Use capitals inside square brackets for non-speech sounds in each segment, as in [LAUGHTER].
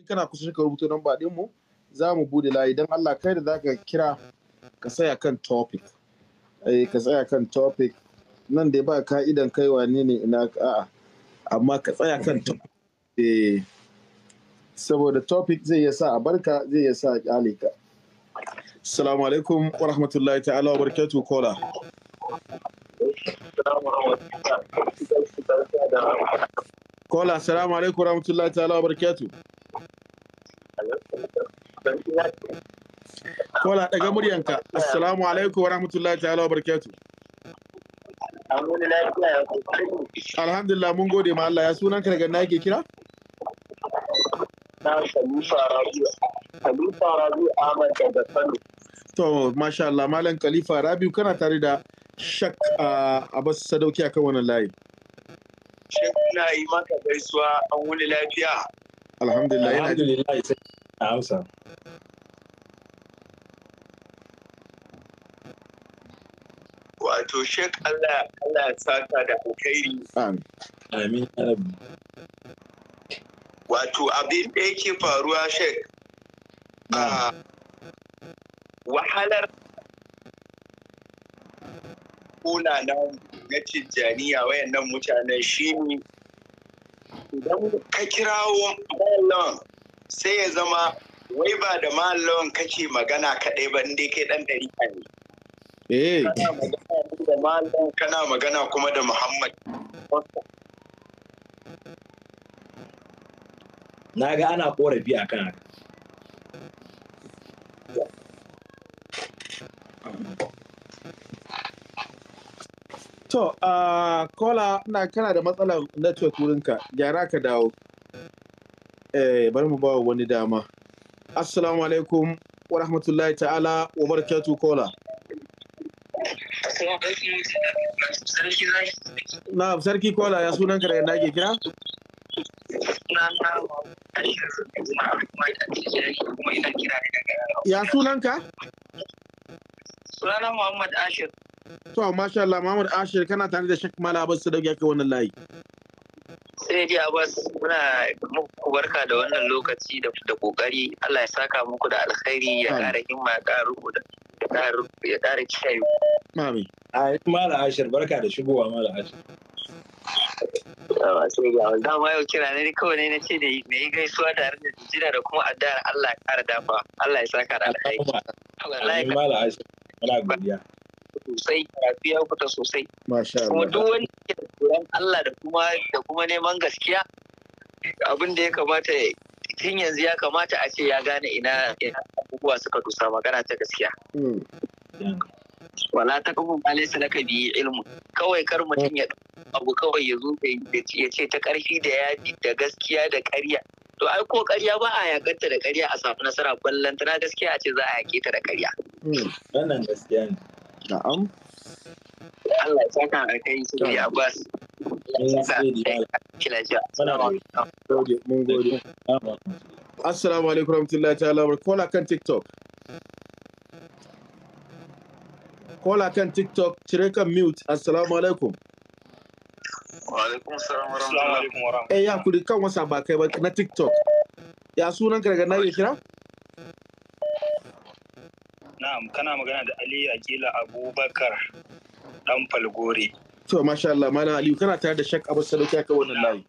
in kana kusa ka rubuta namba din mu za mu bude layi don Allah kai da zaka kira ka tsaya kan topic eh ka tsaya kan topic nan da ba idan kai wane ne ina a'a amma ka tsaya kan topic eh saboda topic zai yasa a barka zai yasa a kyale ka assalamu alaikum wa rahmatullahi ta'ala wa barakatu kola kola assalamu alaikum wa rahmatullahi ta'ala wa barakatu Kola daga muryanka. Assalamu alaikum wa rahmatullahi ta'ala wa barakatuh. Alhamdulillah mun gode ma Allah ya sunan ka daga na yake kira? Na Khalifa Rabi. Khalifa Rabi Ahmad daga Kano. To masha Allah Malam Khalifa Rabi kana tare da shak uh, Abbas Sadauki akan wannan layi. Shek na yi maka gaisuwa an wani lafiya. alhamdulillah wato shek Allah Allah saka da alkhairi amin amin wato abin da yake faruwa shek a wahalar kuna na na tijjaniya wayannan mutanen shi ne idan ka kirawo malon sai ya zama wai ba da malon kake magana kaɗai ba inda kai ɗan ɗari ne. Eh. kana magana kuma da Muhammad. Na ga ana korafi a kan To, Kola, na kana da matsalar network wurinka, gyara ka dawo. Eh, bari mu ba wani dama. Assalamu alaikum wa rahmatullahi ta'ala wa barakatu Kola. Na, sarki Kola ya sunan ka da yadda kira? Ya sunan ka? Sunana Muhammad Ashir. to masha Allah Muhammad Ashir kana tare da Sheikh Mala Abbas Sadauki yake wannan layi sai dai Abbas muna muku barka da wannan lokaci da kokari Allah ya saka muku da alkhairi ya ƙara himma ya ƙaru da ya ƙara kiyaye Mami. A Mala Ashir barka da shigowa Mala Ashir. dama yau kira ne kawai ne na ce da na yi gaisuwa da harin da jira da kuma addu'ar Allah ya kara dafa Allah ya saka da ashir alheri. Allah ya kara. sosai rafiya ya fita sosai kuma duk wani ke da Allah da kuma da kuma neman gaskiya abin da ya kamata tun yanzu ya kamata a ce ya gane ina abubuwa suka dusa magana ta gaskiya hmm. wala ta kuma ba laisa laka biyi ilmu kawai kar mutum ya abu kawai ya zo ya ce ta karfi da yaji da gaskiya da ƙarya. to ai ko ƙarya! ba a yakanta da ƙarya a samu nasara kwallon tana gaskiya a ce za a yake ta da ƙarya. Hmm. wannan gaskiya ne Na'am. Allah ya saka kai su ya bas Mun gode. Assalamu alaikum ta'ala wa kola kan TikTok. Kola kan TikTok cire kan mute. Assalamu alaikum. Wa alaikum wa rahmatullahi wa barakatuh. Eh ya kudi kan wasa ba kai ba na TikTok. Ya sunan ka daga na kira? Na'am, kana magana da Ali Akila Abubakar dan Falgore. To, masha Allah, Malam Aliyu, kana tare da shak abu sadauki kai wannan layi.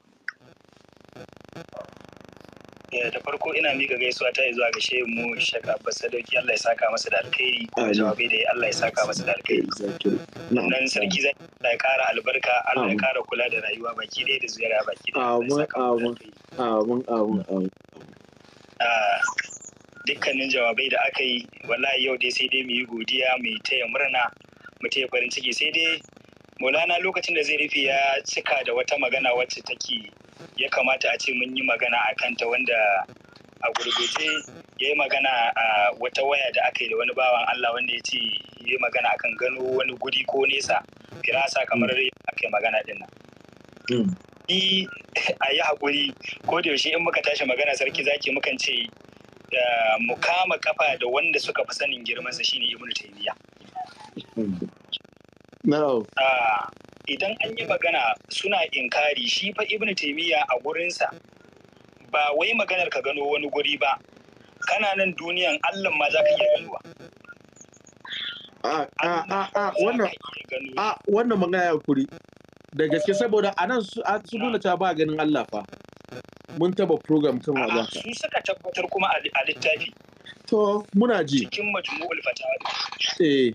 Eh, da farko ina miƙa gaisuwa ta zuwa ga Sheikh mu shak abbas sadauki Allah ya saka masa da alkhairi ko jawabi da Allah ya saka masa da alkhairi nan sarki zai ya kara albarka Allah ya kara kula da rayuwa baki ɗaya da ziyara baki ɗaya amin amin amin Ah dukkanin jawabai da aka yi wallahi yau dai sai dai mu yi godiya mu yi taya murna mu taya farin ciki sai dai maulana lokacin da zai rufe ya cika da wata magana wacce take ya kamata a ce mun yi magana a kanta wanda a gurguje ya yi magana a wata waya da aka yi da wani bawan Allah wanda ya ce ya yi magana a kan gano wani guri ko nesa firasa kamar mm. aka yi magana din nan. Mm. Ni [LAUGHS] a yi haƙuri ko da yaushe in muka tashi magana sarki zaki mukan ce da mu kama kafa da wanda suka fi sanin girmansa shine ibn taymiya no. idan an yi magana suna inkari shi fa Ibn taymiya a gurinsa ba wai maganar ka gano wani guri ba kana nan duniyan allah ma zaka iya ganuwa a wannan magana ya kuri da gaske saboda a nan su nuna ta ba ganin allah fa mun taba program kan wadata. Su suka tabbatar kuma a littafi. To muna ji. Cikin majmu'ul fatawa. Eh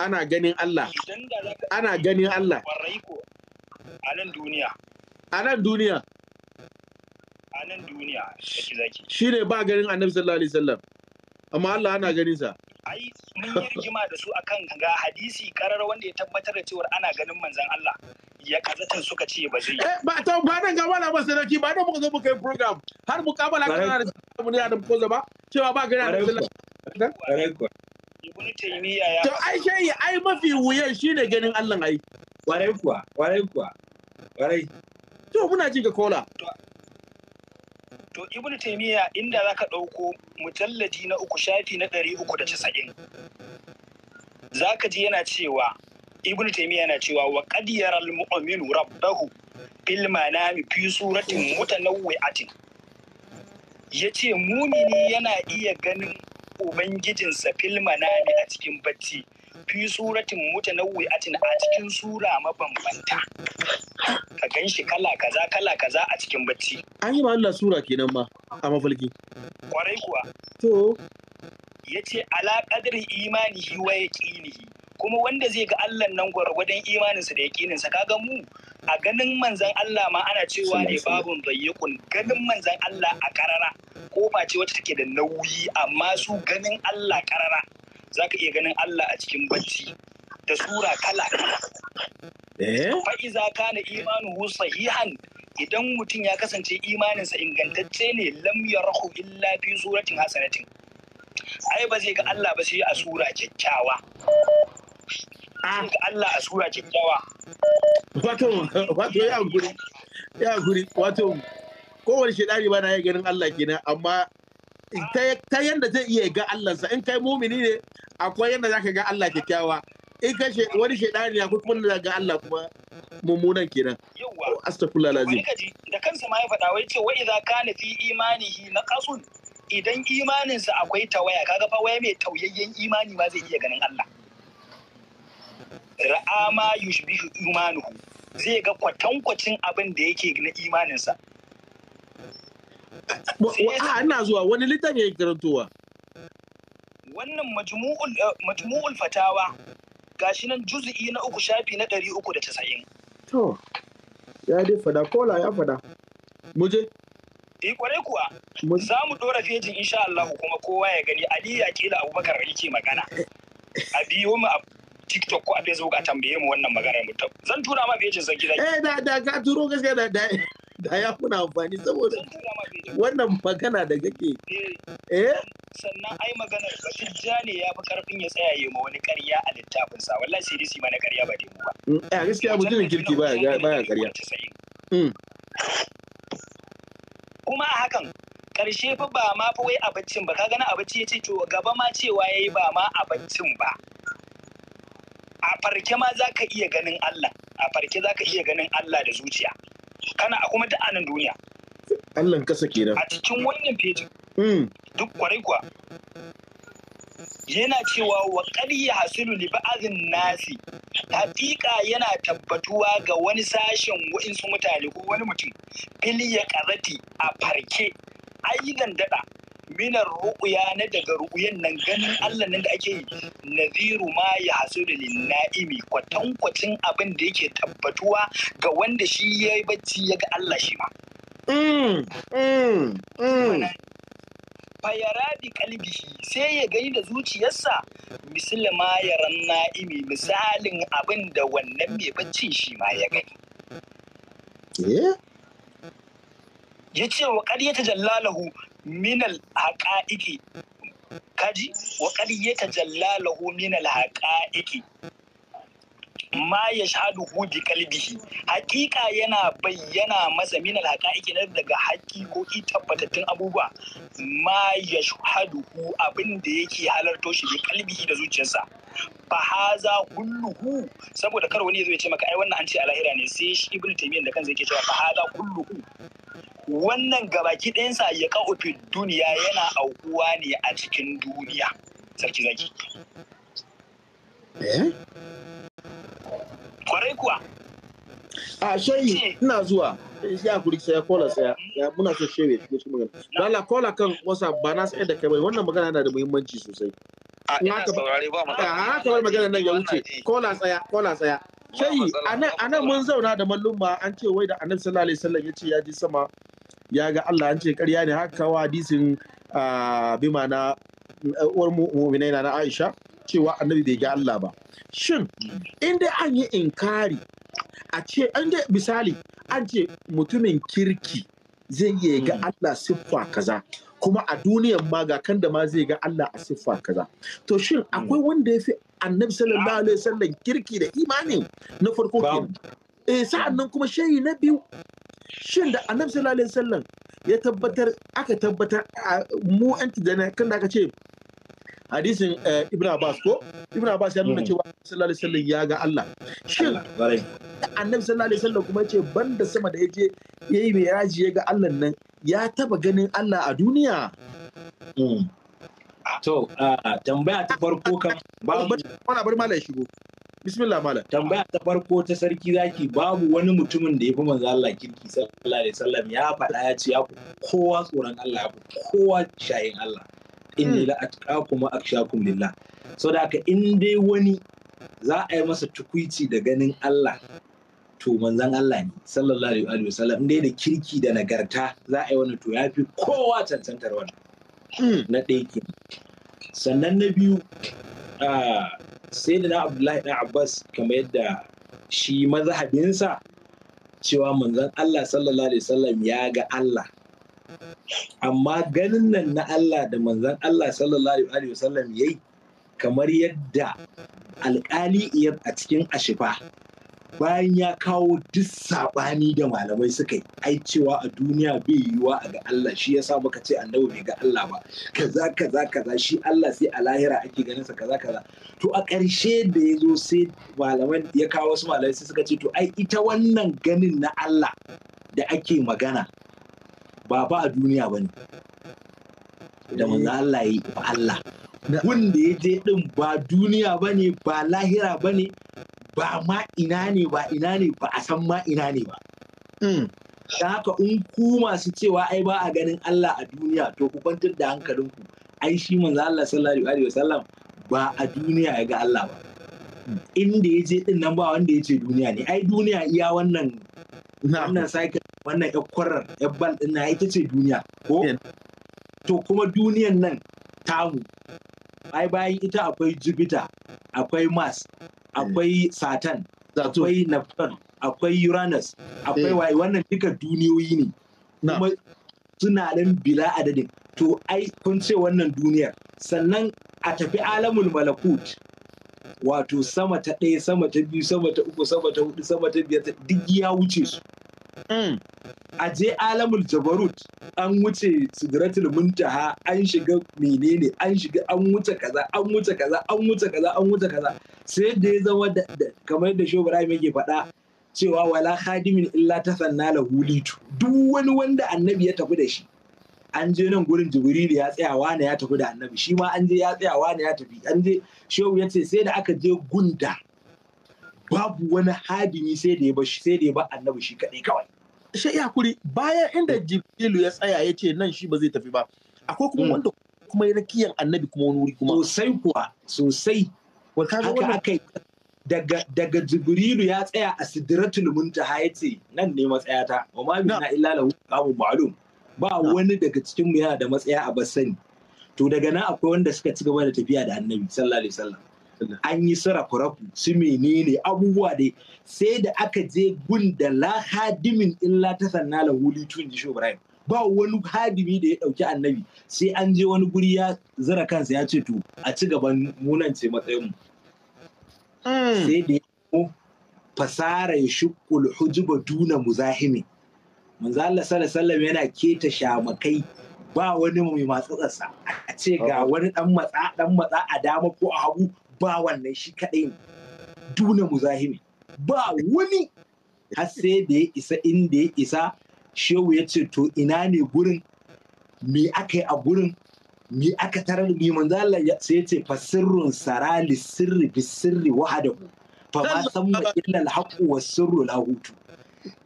ana ganin Allah. Ana ganin Allah. A nan duniya. A nan duniya. A nan duniya. Shi ne ba ganin Annabi sallallahu alaihi wasallam. amma Allah ana ganin sa ai mun yi rigima da su akan ga hadisi karar wanda ya tabbatar da cewa ana ganin manzon Allah ya kazatan suka ce ba zai eh, ba to ba nan ga wala ba sarki ba nan muka zo muka yi program har mu mukabala kana da mun ya da koza ba cewa ba gani da Allah ibnu taymiya ya to ai shehi ai mafi wuyan shine ganin Allah ai warai kuwa warai kuwa warai to muna ji ga kola to ibn taimiyya inda zaka ɗauko mujalladi na uku shafi na ɗari uku da casa'in zaka ji yana cewa ibn taimiyya yana cewa wa qad al-mu'minu rabbahu fil manami fi suratin mutanawwi'atin yace mumini yana iya ganin ubangijinsa fil manami a cikin bacci fi suratin mutanawwi'atin a cikin sura mabambanta ka gan shi kala kaza kala kaza a cikin bacci an yi Allah sura kenan ma a mafalki kwarai kuwa to yace ala qadri imanihi wa yaqinihi kuma wanda zai ga Allah nan gwargwadon imaninsa da yaƙininsa kaga mu a ganin manzan Allah ma ana cewa ne babun zayyukun ganin manzan Allah a karara ko ba ce wacce take da nauyi amma su ganin Allah karara za ka iya ganin Allah a cikin bacci da sura kala eh? fa'iza kana imanuhu sahihan idan mutum ya kasance imaninsa ingantacce ne lam yarahu illa fi suratin hasanatin ai ba zai ga Allah ba sai a sura kyakkyawa ga Allah a sura kyakkyawa wato wato ya guri ya guri wato kowane shedari ba na ya ganin Allah kenan amma ta yadda zai iya ga Allahnsa in kai mumini ne akwai yadda zaka ga Allah kyakkyawa in ka she wani shedani ya kuma da ga Allah kuma mummunan kenan yawa astaghfirullah lazim da kansa ma ya faɗa wai ce wa idza kana fi imanihi naqasun idan imaninsa akwai tawaya kaga fa waya mai tauyayyen imani ma zai iya ganin Allah ra'a ma yushbihu imanuhu zai ga kwatankwacin abin da yake na imaninsa ina zuwa wani littafi yake karantowa wannan eh, majmu'ul fatawa gashi nan juzu'i na uku shafi na ɗari uku da casa'in. To, ya dai fada, kola ya fada. Muje? Eh kwarai kuwa, za mu ɗora fejin insha Allah kuma kowa ya gani Ali ya kila Abubakar yake magana. A biyo mu a TikTok ko a Facebook a tambaye mu wannan magana mu Zan tura ma fejin zan gida. Eh da da ka turo gaskiya da da. da ya kuna amfani saboda wannan magana da kake eh sannan ai magana tijjani ya fi karfin ya tsaya yi ma wani karya a littafin sa wallahi sai dai ma na karya ba dai mu ba mm, eh gaskiya mutumin kirki ba ya ba ya karya kuma a hakan karshe fa ba ma fa wai abincin ba ka na abinci yace to gaba ma cewa yayi ba ma abincin ba a farke ma za ka iya ganin Allah a farke za ka iya ganin Allah da zuciya kana a kuma duk duniya Allah kasa kenan a cikin wannan fejin hmm. duk kwarai kuwa yana cewa wa ƙarya hasilu li ba'azin nasi haƙiƙa yana tabbatuwa ga wani sashen wa'insu mutane ko wani mutum fili ya ƙarati a farke ayyukan daɗa minar ru'uya na daga ru'uyan nan ganin Allah nan da ake yi naziru ma ya hasu da linna'imi kwatankwacin abin da yake tabbatuwa ga wanda shi ya yi bacci ya ga Allah shi ma. fayara mm, mm, mm. bi kalbihi sai ya gani da zuciyarsa misali ma ya na'imi misalin abin da wannan mai bacci shi ma ya gani. Eh? ya ce wa ƙarya ta jallalahu minal haƙa'iki kaji wa ƙaryata jallalahu minal haƙa'iki ma ya shahadu bi kalbihi hakika yana bayyana masa min alhaqaiqi na daga hakikoki tabbatattun abubuwa ma ya shahadu abin da yake halarto shi bi kalbihi da zuciyarsa fa haza kulluhu saboda kar wani ya zo ya ce maka ai wannan an ce alahira ne sai shi ibnu taymiyyah da kansa yake cewa fa haza kulluhu wannan gabaki ɗayansa ya ka'ufi duniya yana aukuwa ne a cikin duniya sarki zaki eh kwarai kuwa a shayi ina zuwa ya kuri sai kola sai ya muna so shewe ko cikin magana lalla kola kan wasa ba na sai da kai bai wannan magana yana da muhimmanci sosai ina saurare ba magana a haka magana nan ya wuce kola tsaya kola tsaya shayi anan mun zauna da mallumma an ce wai da annabi sallallahu alaihi wasallam yace ya ji sama ya ga Allah an ce ƙarya ne haka kawo hadisin bi ma'ana uwar mu'minai na Aisha cewa annabi bai ga Allah ba shin mm. in dai an yi inkari a ce an dai misali an ce mutumin kirki zai iya ga mm. Allah siffa kaza kuma a duniyan ma ga kan da ma zai ga Allah a siffa kaza to shin mm. akwai wanda ya fi annabi sallallahu alaihi wasallam kirki da imani na farko eh sa'annan kuma shayi na biyu shin da annabi sallallahu alaihi wasallam ya tabbatar aka tabbatar mu an tidana kan da aka ce hadisin eh, Ibn Abbas ko Ibn Abbas ya nuna mm. cewa sallallahu alaihi wasallam ya ga Allah shin annabi sallallahu alaihi wasallam kuma yace banda sama da yaje yayi mai raji ya ga Allah nan ya taba ganin Allah a duniya mm. to tambaya ta farko kan [LAUGHS] babu wani bari malai shigo bismillah malam tambaya ta farko ta sarki zaki babu wani mutumin da ya fi manzo Allah kirki sallallahu alaihi wasallam ya faɗa ya ce ya kowa tsoron Allah ya kowa shayin Allah inni la atqakum a akshakum lillah da haka in dai wani za a yi masa tukuici da ganin Allah to manzan Allah ne sallallahu alaihi wa sallam dai da kirki da nagarta za a yi wani to yafi kowa cancantar wani. Hmm. na ɗaya ke sannan na biyu sai da na Abdullahi da Abbas kamar yadda shi mazhabinsa cewa manzan Allah sallallahu alaihi wa sallam ya ga Allah amma ganin nan na Allah da manzan Allah sallallahu alaihi wasallam yayi kamar yadda alƙali iyab a cikin ashifa bayan ya kawo duk saɓani da malamai suka yi ai cewa a duniya bai yiwuwa a ga Allah shi yasa baka ce annabi bai ga Allah ba kaza kaza kaza shi Allah sai a lahira ake ganin sa kaza kaza to a ƙarshe da ya zo sai malaman ya kawo wasu malamai suka ce to ai ita wannan ganin na Allah da ake magana ba ba a duniya ba ne da manzo Allah yi ba Allah wanda ya je din ba duniya ba ne ba lahira ba ne ba ma ina ne ba ina ne ba a san ma ina ne ba mm. da haka in ku masu cewa ai ba a ganin Allah a duniya to ku kwantar da hankalinku ai shi manzo Allah sallallahu alaihi wasallam ba a duniya ya ga Allah ba mm. inda ya je din nan ba wanda ya ce duniya ne ai duniya iya wannan wannan cycle wannan yan kwarar yan bal na ita ce duniya ko to kuma duniyan nan tamu ai bayan ita akwai jupiter akwai mars eh. akwai saturn akwai neptune akwai uranus akwai eh. waye wannan duka duniyoyi ne kuma suna nan bila adadin to ai kun ce wannan duniyar sannan a tafi alamul malakut wato sama ta ɗaya sama ta biyu sama ta uku sama ta hudu sama ta biyar duk ya wuce su Mm. a je alamul jabarut an wuce sidratul muntaha an shiga menene an shiga an wuce kaza an wuce kaza an wuce kaza an wuce kaza sai da ya zama kamar da ibrahim yake faɗa cewa wala khadimin illa tasanna sanna lahu litu duk wani wanda annabi ya tafi da shi an je nan gurin jibrilu ya tsaya wani ya tafi da annabi shi ma an je ya tsaya wani ya tafi an je shehu ya ce sai da aka je gunda babu wani hadimi sai da ya bashi sai da ya ba annabi shi kaɗai kawai shi ya kuri bayan inda jibrilu ya tsaya ya ce nan shi ba zai tafi ba akwai kuma hmm. wanda kuma ya rakiyan annabi kuma wani wuri kuma sosai kuwa sosai haka aka yi daga daga jibrilu ya tsaya a sidratul muntaha ya ce nan ne matsayata wa ma minna illa lahu qamu ma'lum ba wani daga cikin mu yana da matsaya a basani to daga nan akwai wanda suka ci gaba da tafiya da annabi sallallahu alaihi wasallam an yi su rafu su menene abubuwa dai sai da aka je gun da la hadimin illa ta sanna la wuli tun ji shobrayin ba wani hadimi da ya dauki annabi sai an je wani guri ya zira kansa ya ce to a ci gaban munance matsayin mu hmm. sai da ya fasara ya shukul hujuba duna muzahimi manzo Allah sallallahu alaihi yana keta shamakai ba wani mai matsatsa a ce ga oh. wani dan matsa dan matsa a dama ko a hagu ba wannan shi kaɗai ne duna muzahimi ba wani har sai da ya isa inda ya isa shehu ya ce to ina ne gurin me aka yi a gurin me aka tarar me manzo Allah sai ya ce fasirrun sarali sirri bi sirri wahadahu fa ma samma illa al-haqqu was-sirru la hutu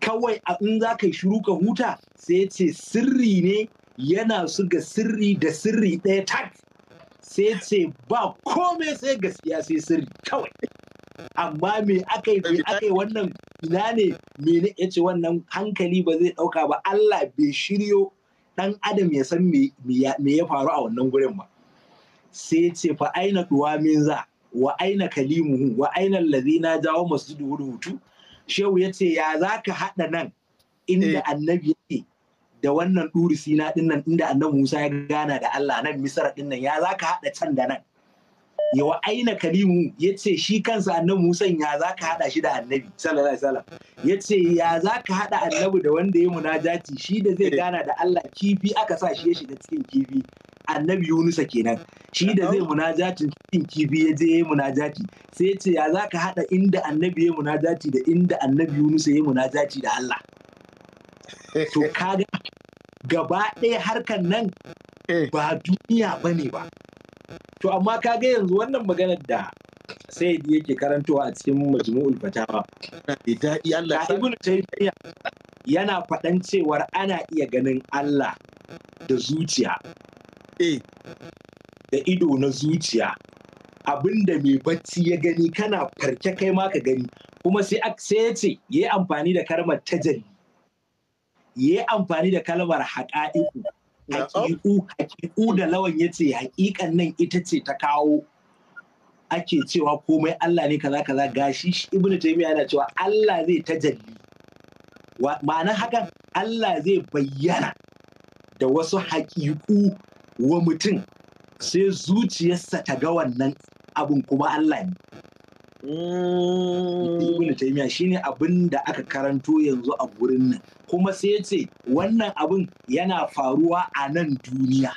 kawai in za ka yi shiru ka huta sai ya ce sirri ne yana su ga sirri da sirri ɗaya tak sai ce ba komai sai gaskiya sai sirri kawai amma me aka yi wannan ina ne me ya ce wannan hankali ba zai dauka ba Allah bai shiryo dan adam ya san me ya faru a wannan gurin ba sai ce fa aina duwa min za wa aina kalimuhu wa aina allazina jawo masjidu hutu shehu ya ce ya zaka hada nan inda eh. annabi yake da wannan ɗuri sina ɗin nan inda annabi Musa ya gana da Allah nan Misra ɗin nan ya za haɗa can da nan. Yawa aina kalimu ya ce shi kansa annabi Musa ya za haɗa shi da annabi sallallahu alaihi wasallam ya ce ya za haɗa annabi da wanda ya munajati shi da zai gana da Allah kifi aka sa shi ya shiga cikin kifi annabi Yunusa kenan shi da zai munajatin cikin kifi ya je ya munajati sai ya ce ya za ka haɗa inda annabi ya munajati da inda annabi Yunusa ya munajati da Allah. To kaga gaba ɗaya harkar nan eh. ba duniya ba ne ba to amma kaga yanzu wannan maganar da sai yake karantowa a cikin majmu'ul fatawa daɗi Allah yana faɗan cewar ana iya ganin Allah da zuciya eh. da ido na zuciya abinda mai bacci ya gani kana farke kai ma ka gani kuma sai ya ce ya yi amfani da karmar tajalli ya yi amfani da kalmar haƙa'iku haƙiƙu da lawan ya ce haƙiƙan nan ita ce ta kawo ake cewa komai Allah ne kaza kaza gashi ibnu taymiya yana cewa Allah zai tajalli ma'ana hakan Allah zai bayyana da wasu haƙiƙu wa mutum sai zuciyarsa ta ga wannan abin kuma Allah ne mm. Ibn Taymiyyah shine abin da aka karanto yanzu a gurin nan kuma sai ya ce wannan abin yana faruwa a nan duniya.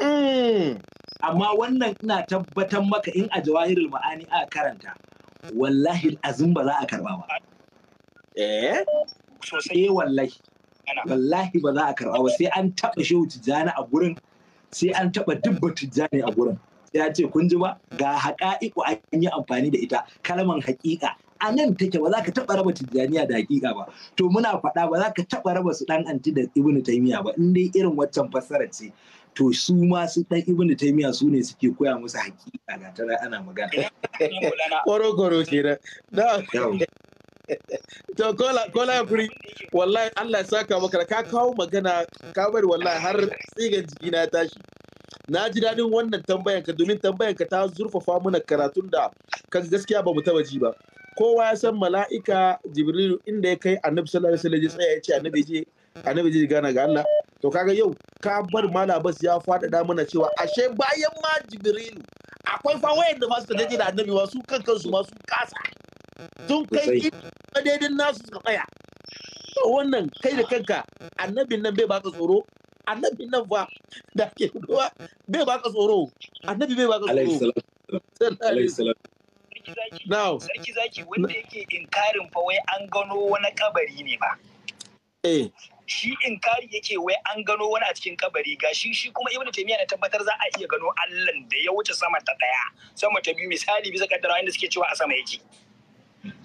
Mm. Amma wannan ina tabbatar maka in a jawahirul ma'ani a karanta, wallahi azin ba za a karba ba. Eh? Sosai. Eh, wallahi. Wallahi ba za a karba ba sai an taɓa shehu tijjani a gurin, sai an taɓa dubba tijjani a gurin. Ya ce kun ji ba ga haƙa'iku an yi amfani da ita kalman haƙiƙa a nan take ba za ka taɓa raba tijjaniya da hakika ba to muna faɗa ba za ka taɓa raba su ɗan anti da ibnu taimiya ba in dai irin waccan fassara ce to su ma su ɗan ibnu taimiya su ne suke koya musu hakika na tara ana magana. Koro-koro da to kola kola free wallahi Allah ya saka maka ka kawo magana ka bari wallahi har tsigan jiki na tashi na ji dadin wannan tambayanka domin tambayanka ta zurfafa mana karatun da kan gaskiya ba mu taba ji ba kowa ya san mala'ika jibrilu inda ya kai annabi sallallahu alaihi wasallam ya tsaya ya ce annabi je annabi je gana ga Allah to kaga yau ka bar malabas ya faɗaɗa mana cewa ashe bayan ma jibrilu akwai fa wayar da masu da da annabi wasu kan kansu ma su kasa sun kai daidin nasu suka tsaya wannan kai da kanka annabin nan bai baka tsoro annabin nan fa da ke ruwa bai baka tsoro annabi bai baka tsoro sarki zaki wanda yake inkarin fa wai an gano wani kabari ne ba eh. shi inkari yake wai an gano wani a cikin kabari ga shi shi kuma Ibn taymiya na tabbatar za a iya gano Allah da ya wuce sama ta daya sama ta biyu misali bisa kaddara inda suke cewa a sama yake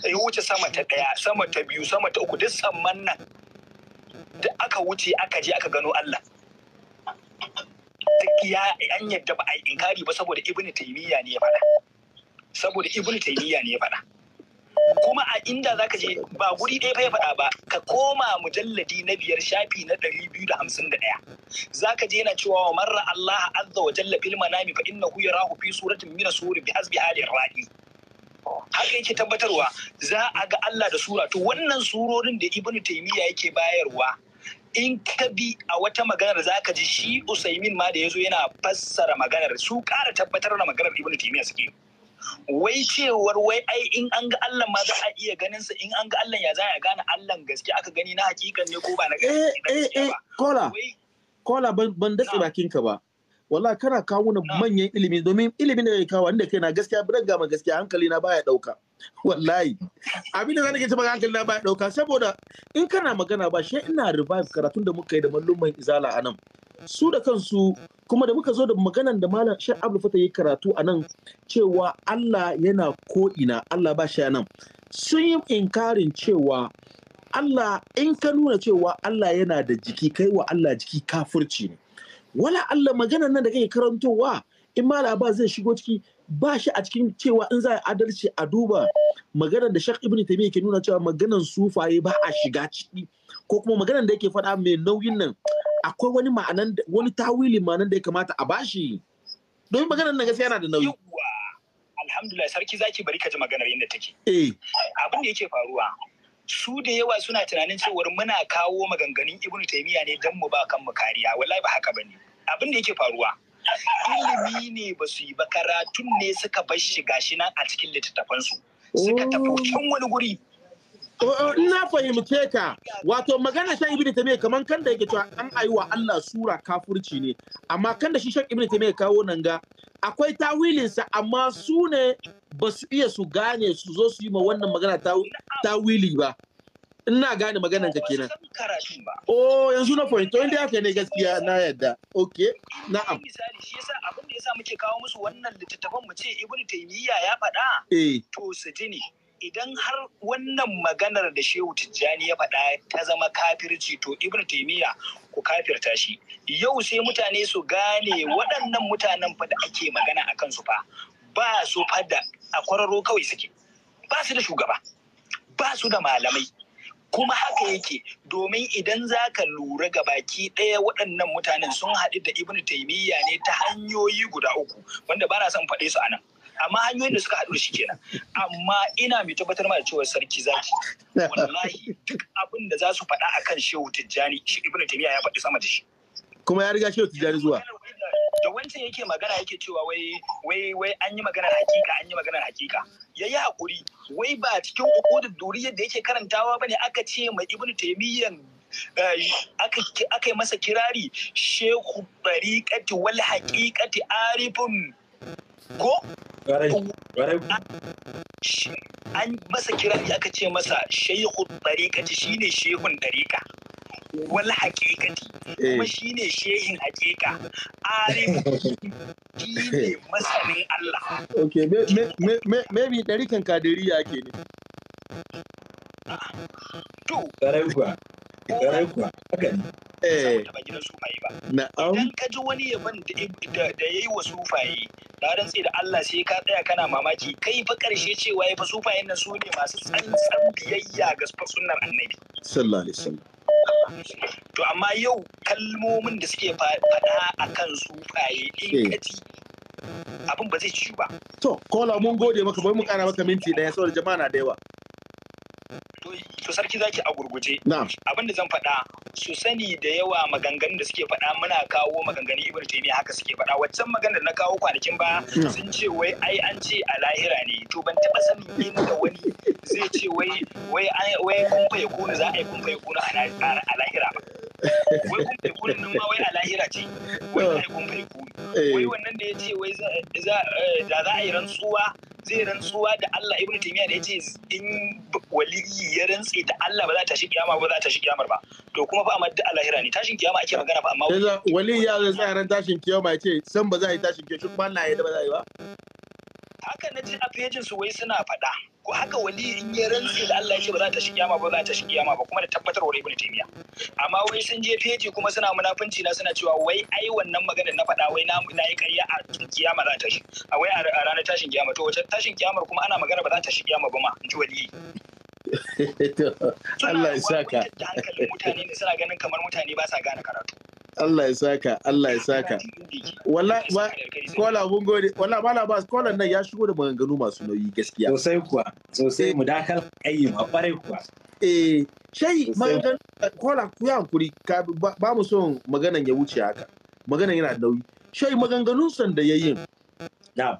ya wuce sama ta daya sama ta biyu sama ta uku duk saman nan da aka wuce aka je aka gano Allah duk ya an yadda ba a inkari ba saboda Ibn taymiya ne ya faɗa saboda ibnu taymiya ne ya faɗa kuma a inda za ka je ba guri ɗaya fa ya faɗa ba ka koma mujalladi na biyar shafi na ɗari biyu da hamsin da ɗaya za ka je yana cewa wa marra Allah azza wa jalla fil manami fa innahu yarahu fi suratin min suri bi hasbi hali ra'i haka yake tabbatarwa za a ga Allah da sura to wannan surorin da ibnu taymiya yake bayarwa in ka bi a wata maganar za ka ji shi usaimin ma da ya zo yana fassara maganar su ƙara tabbatar da maganar ibnu taymiya suke wai cewar wai ai in an ga Allah ma za a iya ganin sa in an ga Allah ya za a gane Allah gaske aka gani na hakikan ne ko ba na eh, gaske eh, ba eh, kola kola ban datse bakin ka ba wallahi kana kawo na manyan ilimi domin ilimin da kai kawo inda kai na gaskiya biran ga ma gaskiya hankali na baya dauka wallahi abin da zan ce maka hankali na ba dauka saboda in kana magana ba shi ina revive karatun da muka yi da malluman izala a nan su da kansu kuma da muka zo da maganan da malam shi abdul fata yi karatu anan, cewa Allah yana ko'ina. ina Allah ba shi nan sun yi inkarin cewa Allah in ka nuna cewa Allah yana da jiki kai wa Allah jiki kafirci ne wala Allah maganan nan da kake karantowa in malam ba zai shigo ciki ba shi a cikin cewa in za a adalci a duba maganar da shak Ibn Taymiyyah ke nuna cewa maganar sufaye ba a shiga ciki ko kuma maganar da yake faɗa mai nauyin nan akwai wani ma'anan wani tawili ma'anan da ya kamata a bashi domin maganar nan gaskiya yana da nauyi alhamdulillah sarki zaki bari ka ji maganar yadda take eh abin da yake faruwa su da yawa suna tunanin cewa muna kawo maganganun Ibn Taymiyyah ne dan mu ba kan mu kariya wallahi ba haka bane abin da yake faruwa ilimi ne ba su yi ba karatun ne suka bar shi gashi nan a cikin littattafansu suka tafi oh. can wani guri oh, oh, Ina fahimce ka, wato magana shan ibn tamiya kamar kan da yake cewa an aiwa Allah sura kafurci ne, amma kan da shi shan ibn tamiya kawo nan ga akwai tawilinsa amma su ne ba su iya su gane su zo su yi ma wannan magana tawili ba. ina gane maganan ka kenan oh yanzu na point to inda yake ne gaskiya na yadda okay na'am misali shi yasa abin da yasa muke kawo musu wannan littattafan mu ce ibnu taymiya ya faɗa eh to sajini idan har wannan maganar da shehu tijjani ya faɗa ta zama kafirci to ibnu taimiyya ku kafirta shi yau sai mutane su gane waɗannan mutanen fa da ake magana akan su fa ba su fa da a kwararo kawai suke ba su da shugaba ba su da malamai kuma haka yake domin idan za ka lura ga baki ɗaya waɗannan mutanen sun haɗu da ibnu taimiyya ne ta hanyoyi guda uku wanda ba son faɗe su a nan amma hanyoyin da suka haɗu da shi kenan amma ina mai tabbatar da cewa sarki zaki wallahi duk abin da za su faɗa akan shehu tijjani shi ibnu taimiyya ya faɗi sama da shi kuma ya riga shi da tijjani zuwa da wancan yake magana yake cewa wai wai wai an yi magana hakika an yi magana hakika ya yi hakuri wai ba cikin ukudin duriyar da yake karantawa ba ne aka ce ma ibnu taymiyyah eh, aka yi masa kirari shehu bariƙati wal haƙiƙati arifin ko? an masa kirari aka ce masa shehu bariƙati shine shehun dariƙa wal haƙiƙati kuma eh. shi ne shehin haƙiƙa alimu shi ne [LAUGHS] masanin Allah. Ok, maybe ɗarikan ya ke ne. To, ƙarai kuwa, ƙarai kuwa, haka ne. ba eh. gidan sufaye ba. Idan ka ji wani yaban da ya yi wa sufaye, na tsaye da Allah sai ka tsaya kana mamaki kai fa karshe cewa ya fa sufaye na su ne masu tsantsan biyayya ga sunan annabi. Sallallahu alaihi wasallam. to amma yau kalmomin da suke faɗa kan sufaye in kaji abin ba zai ciyu ba to kola mun gode maka bai mu kara maka minti ɗaya saboda jama'a na da yawa to sarki zaki a gurguje abin da zan faɗa su sani da yawa maganganun da suke faɗa muna kawo maganganun ibn taymiya haka suke faɗa waccan maganar na kawo kwanakin ba sun ce wai ai an ce a lahira ne to ban taɓa sanin ne da wani zai ce wai wai wai kun faye kunu, za a yi kun faye kunu a lahira ba wai kun faye kunu nan ma wai a lahira ce wai kun faye kunu, eh. wai wannan da ya ce wai eh, da za a yi rantsuwa zai rantsuwa da Allah Ibn taymiya da yace in waliyi ya rantsi da Allah ba za ta shi kiyama ba za ta shi kiyamar ba to kuma fa amma da alahira ne tashin kiyama ake magana fa amma waliyi ya zai tsaya ran tashin kiyama yace san ba za a yi tashin kiyama shi kuma Allah ya da ba za a yi ba haka naji a pejin su wai suna faɗa ko haka wali in ya rantsi da Allah ya ce ba za ta shi kiyama ba za ta shi kiyama ba kuma da tabbatar wa Ibn Taymiya amma wai sun je feji kuma suna munafunci na suna cewa wai ai wannan maganar na faɗa wai na na yi ƙarya a kiyama za ta shi a wai a ranar tashin kiyama to wace tashin kiyamar kuma ana magana ba za ta shi kiyama ba ma in ji wali [LAUGHS] Allah ya saka. Suna mutane ne suna ganin kamar mutane ba sa gane karatu. Allah ya saka Allah ya saka Wala ba kola mun gode walla mala ba kola nan ya shigo da maganganu masu nauyi gaskiya sosai kuwa sosai mu dakal kayyim ma kwarai kuwa eh shai magangan kola ku ya hankuri ba mu son maganan ya wuce haka maganan yana da nauyi shai maganganun san da yayin na'am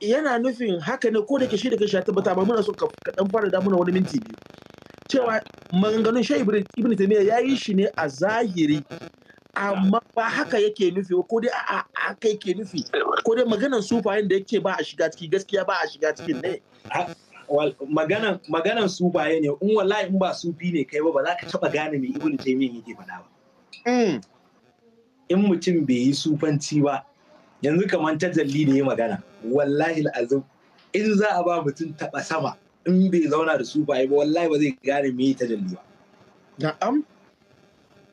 yana nufin haka ne ko da ke shi da kashi ya tabbata ba muna so ka dan fara da muna wani minti biyu cewa maganganun shai ibn taymiya ya yi shi ne a zahiri amma ba haka yake nufi ko dai a haka yake nufi ko dai maganan sufayen da yake ba a shiga ciki gaskiya ba a shiga cikin ne maganan maganan sufaye ne in wallahi in ba sufi ne kai ba ba za ka taba gane me ibnu taymiyyah yake faɗa ba mm. in mutum bai yi sufanci ba yanzu kamar tajalli da ya magana wallahi azim in za a ba mutum taba sama in bai zauna da sufaye ba wallahi ba zai gane me tajalli ba na'am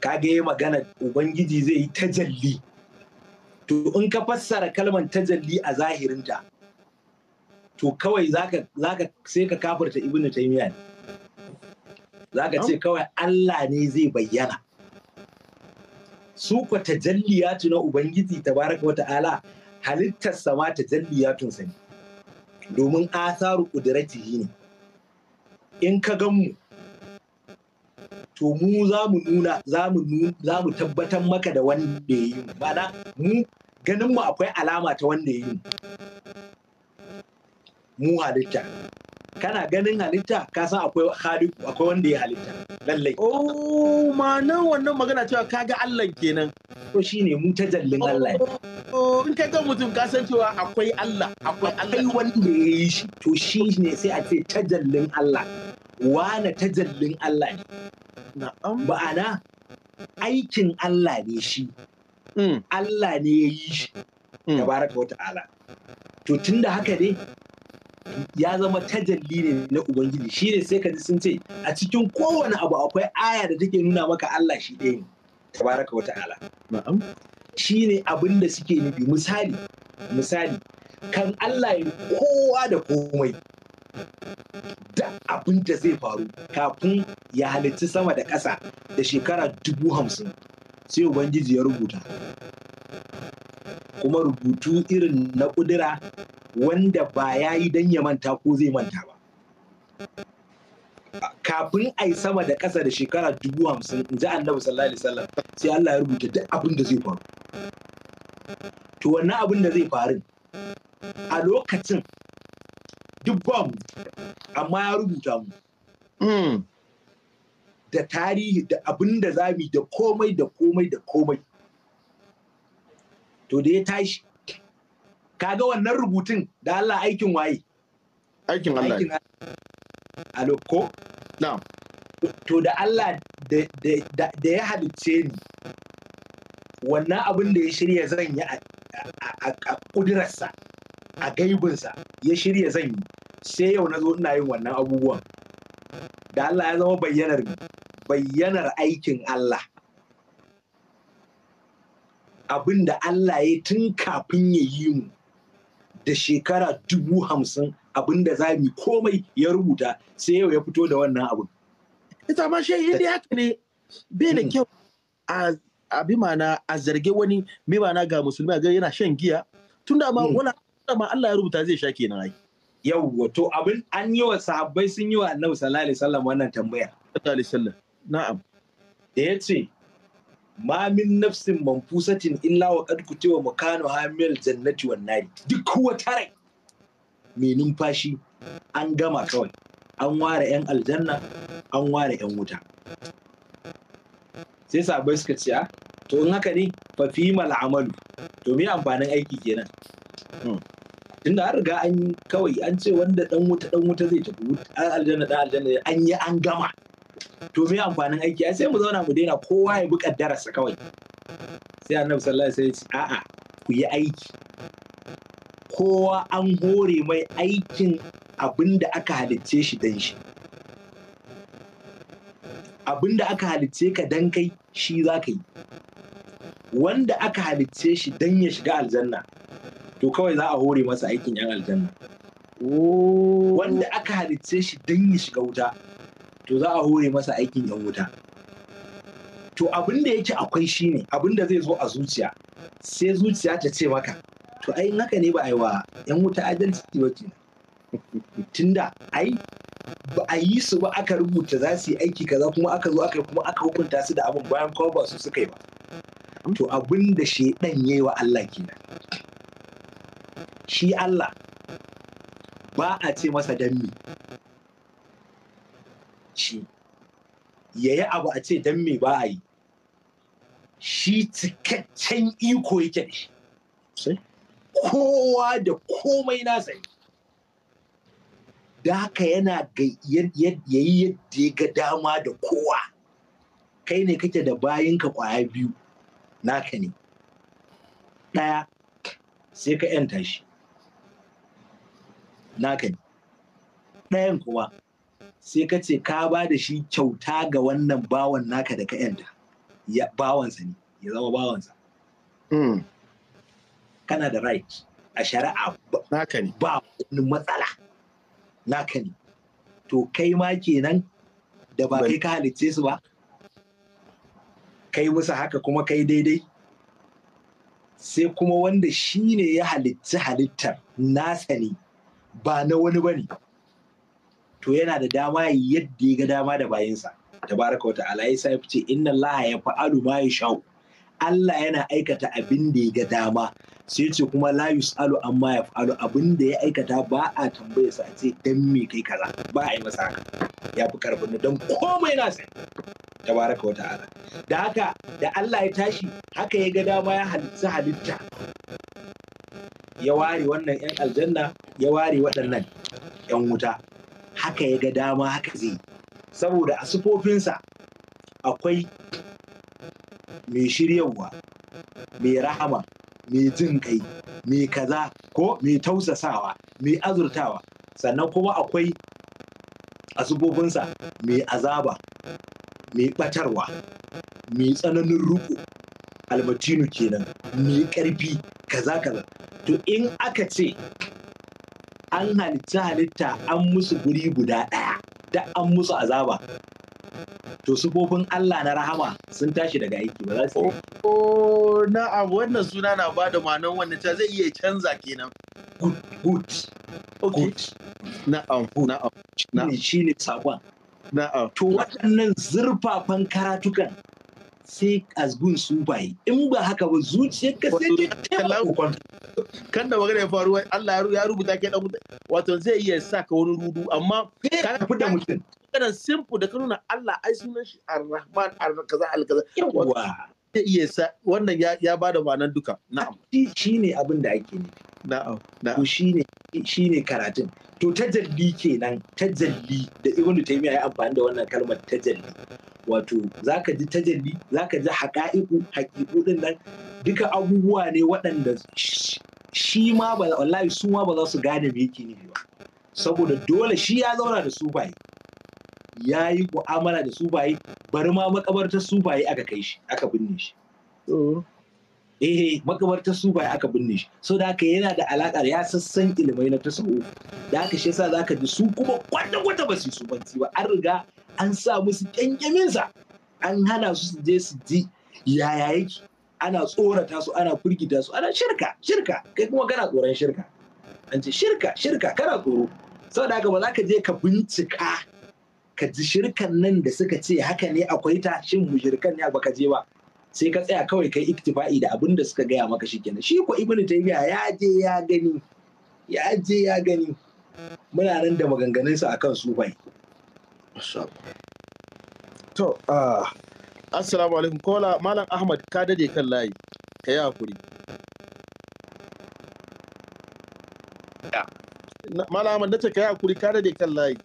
ga ya magana ubangiji zai yi tajalli to in ka fassara kalmar tajalli a zahirinta to kawai zaka sai ka kafarta ibnu taymiya ne zaka ce kawai Allah ne zai bayyana su kwa tajalliyatu na ubangiji tabaraka wa ta'ala halittar sama tajalliyatun sa ne domin asaru kudratihi ne in ka gan mu to mu za mu nuna za mu tabbatar maka da wanda ya yi mu ma'ana mu ganin mu akwai alama ta wanda ya yi mu halitta kana ganin halitta ka san akwai khaliqu akwai wanda ya halitta lallai oh ma'anar wannan magana cewa ka ga Allah kenan to shine mu ta jallin Allah oh in kai ga mutum ka san cewa akwai Allah akwai Allah wanda ya yi shi to shine sai a ce ta jallin Allah wane ta jallin Allah ne Ba'ana aikin Allah ne shi. Mm. Allah ne ya yi shi. Mm. baraka wa ta'ala. To tun da haka ne ya zama tajalli ne na Ubangiji shi ne sai ka ji sun ce a cikin kowane abu akwai aya da take nuna maka Allah shi ɗaya ne baraka wa ta'ala shi ne abin da suke nufi misali misali kan Allah ya kowa da komai da abin da zai faru kafin ya halitta sama da ƙasa da shekara dubu hamsin sai ubangiji ya rubuta kuma rubutu irin na ƙudura wanda ba ya yi don ya manta ko zai manta ba kafin a yi sama da ƙasa da shekara dubu hamsin in ji annabi sallallahu alaihi wasallam sai Allah ya rubuta duk abin da zai faru to wannan abin da zai faru a lokacin duk ba mu amma ya rubuta mu hmm. da tarihi da abin da za mu da komai da komai da komai to da ya tashi kaga wannan rubutun da Allah aikin waye aikin Allah aloko na to da Allah da ya halicce ni wannan abin da ya shirya zan yi a ƙudurarsa a gaibinsa ya shirya zan yi sai yau na zo ina yin wannan abubuwan da Allah ya zama bayyanar bayyanar aikin Allah abin da Allah ya tun kafin ya yi mu da shekara dubu hamsin abin da za mu komai ya rubuta sai yau ya fito da wannan abun. Ita ma shi yi haka ne bai da mm. kyau a bi mana a zarge wani mai mana ga musulmi ga yana shan giya tun da ma mm. wani ma Allah ya rubuta zai sha kenan ai Yau wato abin an yi wa sahabbai sun yi wa Annabi sallallahu alaihi wasallam wannan tambaya sallallahu alaihi wasallam na'am da yace ma min nafsin manfusatin illa wa qad kutiwa makanu hamil jannati wan nari duk wata rai mai numfashi an gama kawai an ware yan aljanna an ware yan wuta sai sahabbai suka ce ah, to in haka ne fa fi mal amalu to me amfanin aiki kenan hmm. tunda an riga an yi kawai an ce wanda dan wuta dan wuta zai tafi an aljanna dan aljanna an yi an gama to me amfanin aiki sai mu zauna mu daina kowa ya bi kaddararsa kawai sai annabi sallallahu alaihi wasallam ya ce a'a ku yi aiki kowa an hore mai aikin abin da aka halicce shi dan shi abin da aka halicce ka dan kai shi za ka yi wanda aka halicce shi dan ya shiga aljanna to kawai za a hore masa aikin yan aljanna wanda aka halicce shi don ya shiga wuta to za a hore masa aikin yan wuta to abin da yake akwai shi ne, abin da zai zo a zuciya sai zuciya ta ce maka to ai haka ne ba a yi wa yan wuta adalci ba [LAUGHS] tunda ai ba a yi su ba aka rubuta za su yi aiki kaza kuma aka zo aka kuma aka hukunta su da abin bayan kuma ba su suka yi ba hmm. to abin da shedan yayi wa Allah kenan shi Allah ba a ce masa dan me shi yi abu a ce dan me ba a yi shi cikakken iko yake da shi kowa da komai nasa ne da haka yana yayi yadda ya ga dama da kowa kai ne kake da bayinka kwaya biyu naka ne ɗaya sai ka 'yanta shi naka ne ɗayan kuma sai ka ce ka ba da shi kyauta ga wannan bawan naka da ka yanta ya bawansa ne ya zama bawansa hmm. kana da right a shari'a ba wani matsala naka ne to kai ma kenan da ba kai ka halicce su ba kai musu haka kuma kai daidai sai kuma wanda shi ne ya halitta halittar nasa ne ba na wani bane to yana da dama yadda ya ga dama da bayansa tabaraka wa ta'ala ya sa ce inna Allah ya fa'alu ma sha'u Allah yana aikata abin da ya ga dama sai ce kuma la yus'alu amma ya fa'alu abin da ya aikata ba a tambaye sa a ce dan me kai kaza ba a yi masa haka ya fi karfin dan komai na sai tabaraka wa ta'ala da haka da Allah ya tashi haka ya ga dama ya halitta halitta ya ware wannan 'yan aljanna ya ware waɗannan 'yan wuta haka ya ga dama haka zai saboda a sufofinsa akwai mai shiryawa mai rahama mai jin kai mai kaza ko mai tausasawa mai azurtawa sannan kuma akwai a sufofinsa mai azaba mai ɓatarwa, mai tsananin ruku almatinu kenan mai ƙarfi, kaza kaza to in aka ce an halitta halitta an musu guri guda ɗaya da an musu azaba to sufofin Allah na rahama sun tashi daga aiki ba za su Oh, na'am wannan suna na ba da ma'anar wannan ta zai iya canza kenan. Good, good. Okay. Na'am, na'am. Shi ne sabon. Na'am. To waɗannan zurfafan karatukan sai azgun sun bayi in ba haka ba ka sai ta taimako kan da magana ya faru Allah ya rubuta ke dan wato zai iya sa ka wani rudu amma ka fi da mutum kana simple da ka nuna Allah ai sunan shi Ar-Rahman Ar-Kaza Al-Kaza ya iya sa wannan ya bada ma'anar duka na'am shi ne abin da ake ne na'am na'am shi ne karatun to tajalli kenan tajalli da ibnu taymiya ya amfani da wannan kalmar tajalli wato za ka ji tajalli ka ji haƙa'iku haƙiƙu ɗin nan duka abubuwa ne waɗanda shi ma wallahi su ma ba za su gane me yake nufi ba saboda dole shi ya zauna da sufaye ya yi mu'amala da sufaye bari ma makabartar sufaye aka kai shi aka binne shi oh. eh, eh makabartar sufaye aka binne shi so da haka yana da da ya sassan ilimai na tasawuf da haka shi yasa zaka ji su kuma kwata kwata ba su sufanci ba an riga an sa musu kyankyaminsa an hana su su je su ji yaya yake ana tsorata su ana firgita su ana shirka shirka kai kuma kana tsoron shirka an ce shirka shirka kana tsoro saboda haka ba za ka je ka bincika ka ji shirkan nan da suka ce haka ne akwai ta shin shirkan ne baka je ba sai ka tsaya kawai kai iktifa'i da abin da suka gaya maka shikenan shi ko ibnu taymiya ya je ya gani ya je ya gani muna nan da maganganunsa akan sufai To, ah, Assalamu alaikum. Kola Malam Ahmad ka dade kan layi. Ka yi hakuri. Malam Ahmad nace ka yi hakuri ka dade kan layi.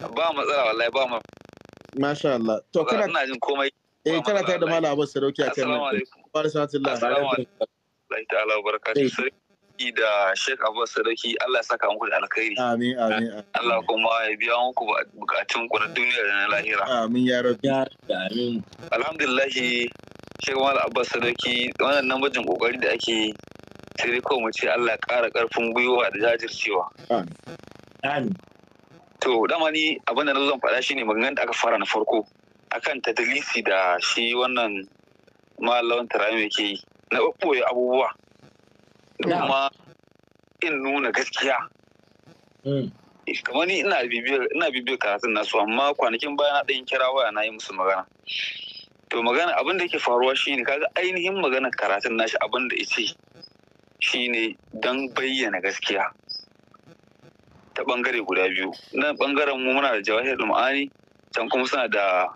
Ba matsala wallahi ba ma. Masha Allah. To kana ina jin komai. Eh kana kai da Malam Abbas Sarauki akan nan. Assalamu alaikum. Wa rahmatullahi. Assalamu alaikum. Allah ta'ala barakatuhu. Eh. aiki da Sheikh Abbas Sadaki Allah ya saka muku da alkhairi. Amin amin. Allah kuma ya biya muku bukatun ku na duniya da na lahira. Amin ya rabbi. Amin. Alhamdulillah Sheikh Mal Abbas Sadaki wannan namijin kokari da ake sai ko mu ce Allah ya ƙara ƙarfin gwiwa da jajircewa. Amin. To dama ni abin da na zan faɗa shine maganganun da aka fara na farko akan dalisi da shi wannan malawan tarami ke yi na ɓaɓɓoye abubuwa. kuma in nuna gaskiya mm. kamar ni ina bibiyar karatun nasu amma kwanakin baya na yin kira waya na yi musu magana to magana abin da yake faruwa shine kaga ainihin magana karatun nashi abin da shi shine don bayyana gaskiya ta bangare guda biyu nan bangaren mu muna da jawahir lumani can kuma suna da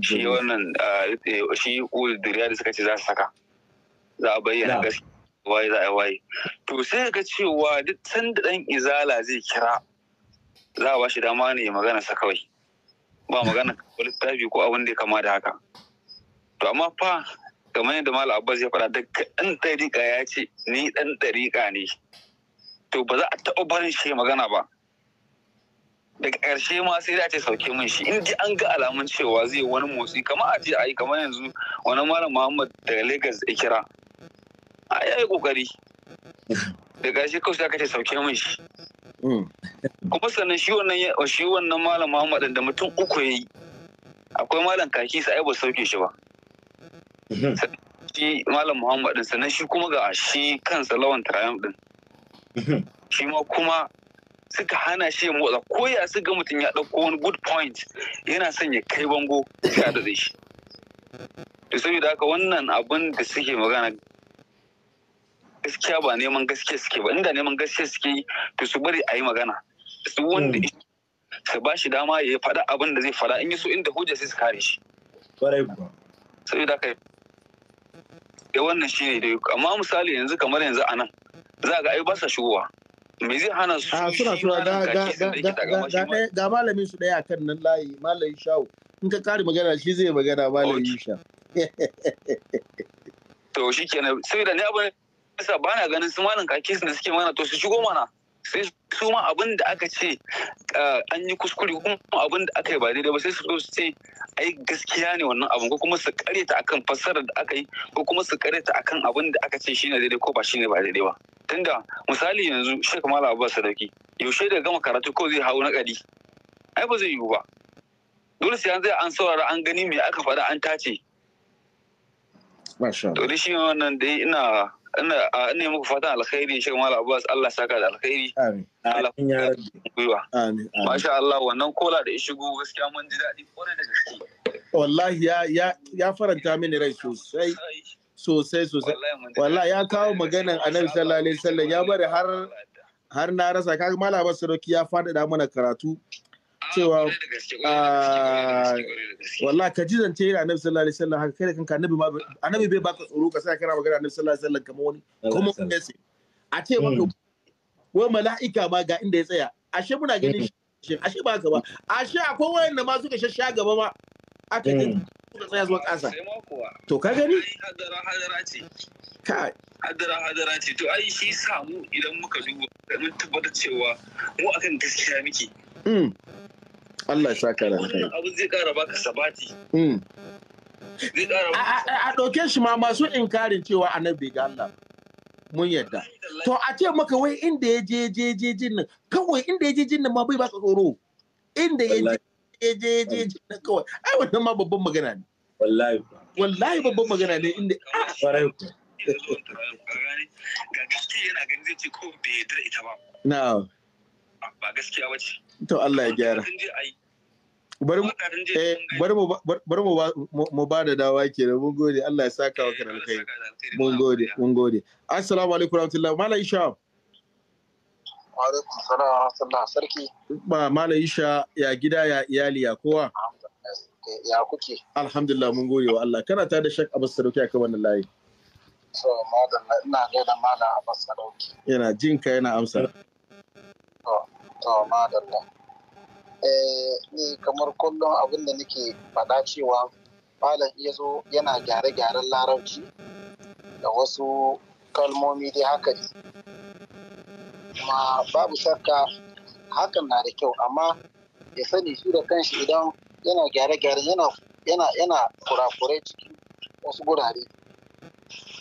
shi wannan ah, eh, shi kuduriya da suka ce za su saka za a bayyana gaskiya waye za a waye to sai ga cewa duk sanda dan izala zai kira za a bashi dama ne magana sa kawai ba magana ko littafi ko abin da ya kama da haka to amma fa kamar yadda malam abbas ya faɗa daga ɗan ɗariƙa ya ce ni ɗan ɗariƙa ne to ba za a taɓa barin shi magana ba daga ƙarshe ma sai da ce sauke min shi in ji an ga alamun cewa zai wani motsi kamar a ji a yi kamar yanzu wani malam muhammad daga lagos ya kira ai ai kokari da gashi kawai aka ce sauke mun shi mm. kuma sannan shi wannan shi wannan malam Muhammad da mutum uku yayi akwai malam kaki sai ba sauke shi ba mm-hmm. shi malam Muhammad din sannan shi kuma ga shi kansa lawan tayam din mm-hmm. shi ma kuma suka hana shi motsa ko ya su ga mutum ya dauko wani good point yana son ya kai bango ya da shi to saboda haka wannan abin da suke magana gaskiya ba neman gaskiya suke ba inda neman gaskiya suke yi to su bari a yi magana su wanda hmm. su ba shi dama ya faɗa abin da zai faɗa in yi so inda hujja sai su kare shi saboda kai da eh, wannan shi ne dai amma misali yanzu kamar yanzu a nan za ga ai ba sa shigowa me zai hana su a ah, suna suna ga malamin su daya kan nan layi malamin shawo in ka kare magana shi zai magana malamin oh, shawo to shi kenan da ne abin yasa ba na ganin su malin kaki su suke mana to su shigo mana sai su ma abin da aka ce eh, an yi kuskure kuma abin da aka yi ba daidai ba sai su zo su ce ai gaskiya ne wannan abin ko kuma su kareta akan fassarar da aka yi ko kuma su kareta akan abin da aka ce shine daidai ko ba shine ba daidai ba tunda misali yanzu Sheikh Malam Abbas Sadauki yaushe da gama karatu ko zai hawo na kadi ai ba zai yiwu ba dole sai an zai an saurara an gani me aka faɗa an tace to shi wannan dai ina ina muku fatan alkhairi shi mala abbas allah saka da alkhairi amin ya gwiwa amin masha allah wannan kola da ishigo gaskiya mun ji daɗi kwarai da gaske wallahi ya ya faranta mini rai sosai sosai sosai wallahi ya kawo maganan annabi sallallahu alaihi wasallam ya bari har har na rasa kaga mala abbas saroki ya faɗaɗa mana karatu Ah, cewa ah, wallahi ka ji zance yana annabi sallallahu alaihi wasallam haka kai da kanka annabi ma annabi bai baka tsoro ka sai kana magana annabi sallallahu alaihi wasallam kamar wani kuma wanda sai a ce maka hmm. wai mala'ika ma ga inda ya tsaya ashe muna ganin hmm. shi ashe ba haka ba ashe akwai wayanda ma suka shashsha gaba ma aka yi hmm. suka tsaya zuwa kasa to ka gani hadara hadara ce kai hadara hadara ce to ai shi samu idan muka duba mun tabbata cewa mu akan gaskiya muke Allah ya saka da kai. Abin zai kara baka sabati. Hmm. A ɗauke shi ma masu inkarin cewa annabi ga Allah. Mun yadda. To a ce maka wai inda ya je je je nan. kawai inda ya je nan ma bai baka tsoro. Inda ya je je je nan kawai. Ai wannan ma babban magana ne. Wallahi. Wallahi babban magana ne inda. Ga gaskiya yana ganin zai ce ko bai yarda ita ba. Na. Ba gaskiya ba ce. to Allah ya gyara eh, bari mu ba da dawa ke mun gode Allah ya saka wa kan alkai. mun gode mun gode assalamu alaikum warahmatullahi malam isha wa alaikum salam wa rahmatullah sarki ba malam isha ya gida ya iyali ya kowa ya kuke alhamdulillah mun gode wa Allah kana ta da shak abu sarauki akan wannan layi so madalla ina gaida malam abu sarauki yana jinka yana amsa to madalla eh ni kamar kullum abin da nake faɗa cewa malam iya zo yana gyare-gyaren larabci da wasu kalmomi dai haka ne kuma babu shakka hakan na da kyau amma ya sani shi da kanshi idan yana gyare-gyare yana yana kurakurai cikin wasu gurare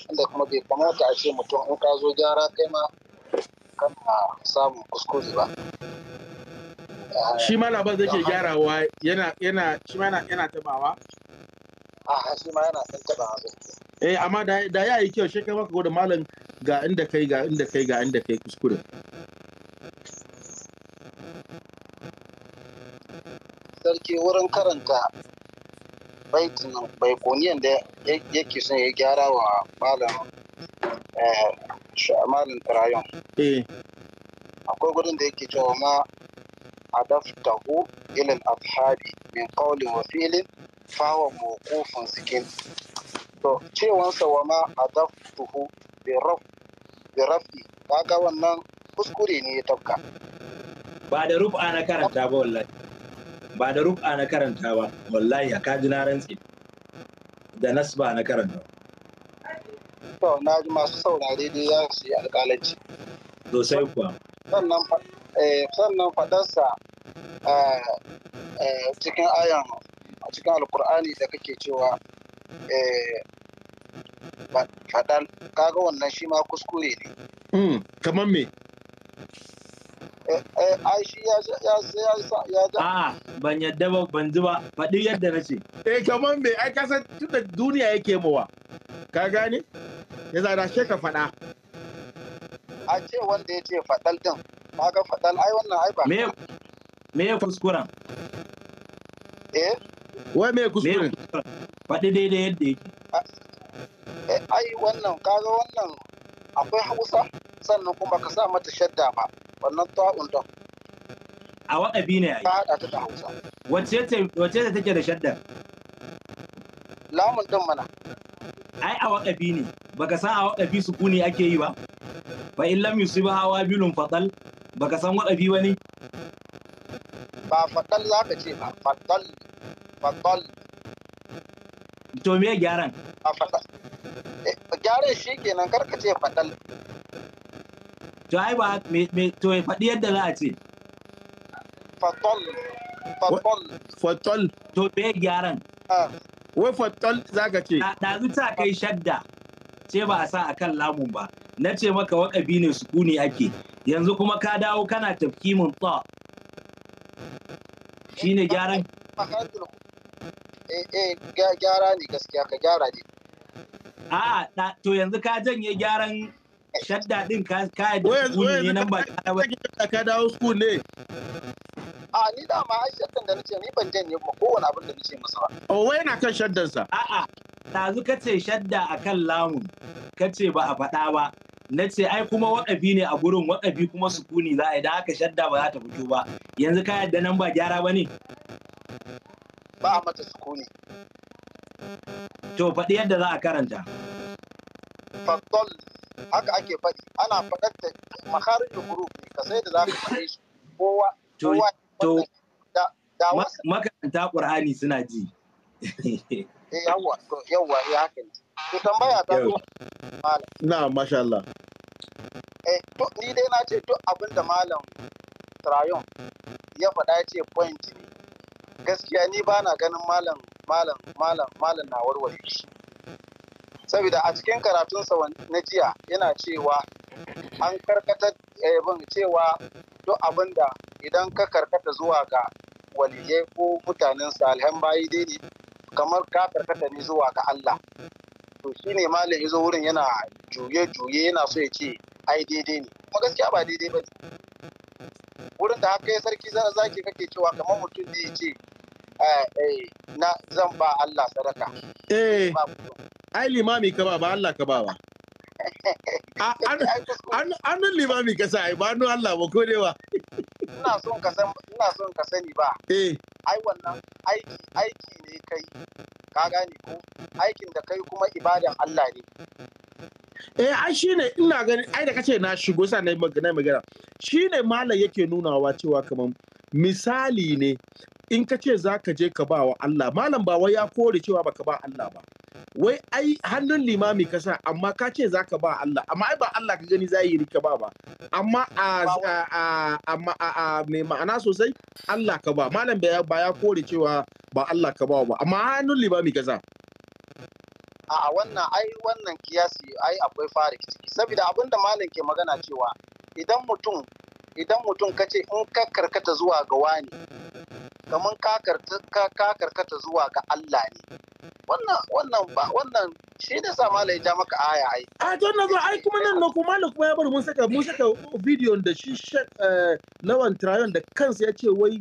inda kuma bai kamata a ce mutum in ka zo gyara kai ma kana samun kuskure ba shi ma labar da ke gyarawa yana yana shi ma yana tabawa a shi ma yana san tabawa eh amma da da yayi kyau shi kai maka gode malam ga inda kai ga inda kai ga inda kai kuskure sarki wurin karanta baitin bai koniyan da yake son ya gyara wa malam eh malam tarayon eh akwai gudun da yake cewa ma حذفته إلى الأضحاب من قول وفعل فهو موقوف سكين to cewansa wa ma adaftuhu bi rafi kaga wannan kuskure ne ya ba da rufa na karanta ba wallahi ba da rufa na karanta ba wallahi na rantsi da nasba na karanta to na ji masu saurare dai za su yi alƙalanci sai kuwa sannan Eh, sannan faɗarsa eh, eh, cikin ayan a cikin alkur'ani da kake cewa faɗan kaga wannan shi ma kuskure ne hmm, kamar me ya shi ya ya ya ban yadda ba ban ji ba faɗi yadda na ce eh kamar me ai kasan tunda duniya yake mawa ka gane ya zara shi ka faɗa a ce wanda ya ce faɗal din ga fadal ai wannan ai ba me me kuskura eh wai me kuskure faɗi daidai yadda yake eh ai wannan kaga wannan akwai hausa sannan kuma ka sa mata shadda ba wannan ta'un don a waɗabi ne ai ka haɗa ta da hausa wace ce take da shaddar lamun din mana ai a waƙafi ne baka san a su kuni ake yi ba fa in lam yusiba hawa bilun fatal baka san waƙafi wani ba fatal za ka ce ba fatal fatal to me gyaran a fatal eh, gyaran shi kenan kar ka ce fatal to ai ba me to ya faɗi yadda za a ce fatal fatal fatal to me gyaran ah. wai za zaka ce ɗazu ta kai shadda ce ba a sa a kan lamun ba na ce maka waƙabi ne sukuni ake yanzu kuma ka dawo kana tafkimin tsa ne gyaran eh, eh gyara ne gaskiya ka gyara ne a to yanzu ka janye gyaran shadda din ka yadda sukuni ne nan ba ka dawo sukuni ne A ni da ma ai shaddan da nace ni ban janye ba kowane abin da nace masa ba. O oh, wai na kan shaddan sa. a Dazu kace shadda akan lamun. Kace ba a faɗa ba. na ce ai kuma waƙafi ne a gurin waƙafi kuma sukuni za a yi da haka shadda ba za ta fito ba yanzu ka yadda nan ba gyara ba ne ba a mata sukuni to faɗi yadda za a karanta fattol haka ake faɗi ana faɗar da makarin da guru ne ka sai da za ka faɗe shi kowa kowa to makaranta ƙur'ani suna ji yawwa yawwa ya haka ne to tambaya ta na masha Allah eh to ni dai na ce duk abin da malam Trayon ya faɗa ya ce point ne gaskiya ni ba na ganin malam malam malam malam na warware shi saboda a cikin karatunsa na jiya yana cewa an karkatar eh, cewa duk abin da idan ka karkata zuwa ga waliyai ko mutanen salihan bayi dai ne kamar ka karkata ne zuwa ga Allah to shine malin yazo wurin yana juye juye yana so ya ce ai daidai ne kuma gaskiya ba daidai ba wurin da haka ya sarki zaki kake cewa kamar mutum ne ya ce eh, na zan ba Allah sadaka eh ai limami ka ba ba Allah ka ba ba Hannun [LAUGHS] limami ka sa ba hannun Allah ba ko dewa. Ina son ka sani ba. Eh. Ai wannan aiki aiki ne kai. Ka gane ko? Aikin da kai kuma ibadan Allah ne. Eh ai shine ina gani ai da kace na shigo sa na magana magana. Shine malam yake nunawa cewa kaman misali ne in ka ce za ka je ka ba wa Allah malam ba wai ya kore cewa baka ba Allah ba. wai ai hannun limami ka sa amma ka ce za ka ba Allah amma ai ba Allah ka gani za yi ka ba ba amma a amma mai ma'ana sosai Allah ka ba malam ba ya kore cewa ba Allah ka ba ba amma hannun limami ka sa a wannan ai wannan kiyasi ai akwai fara ciki saboda abin da malam ke magana cewa idan mutum idan mutum ka ce in ka karkata zuwa ga wani kamar ka karkata zuwa ga Allah ne wannan wannan ba wannan shi da sa malai ja maka aya ai a to na zo ai kuma nan na kuma malai kuma ya bar mun saka mun saka bidiyon da shi eh, lawan trayon da kansa ya ce wai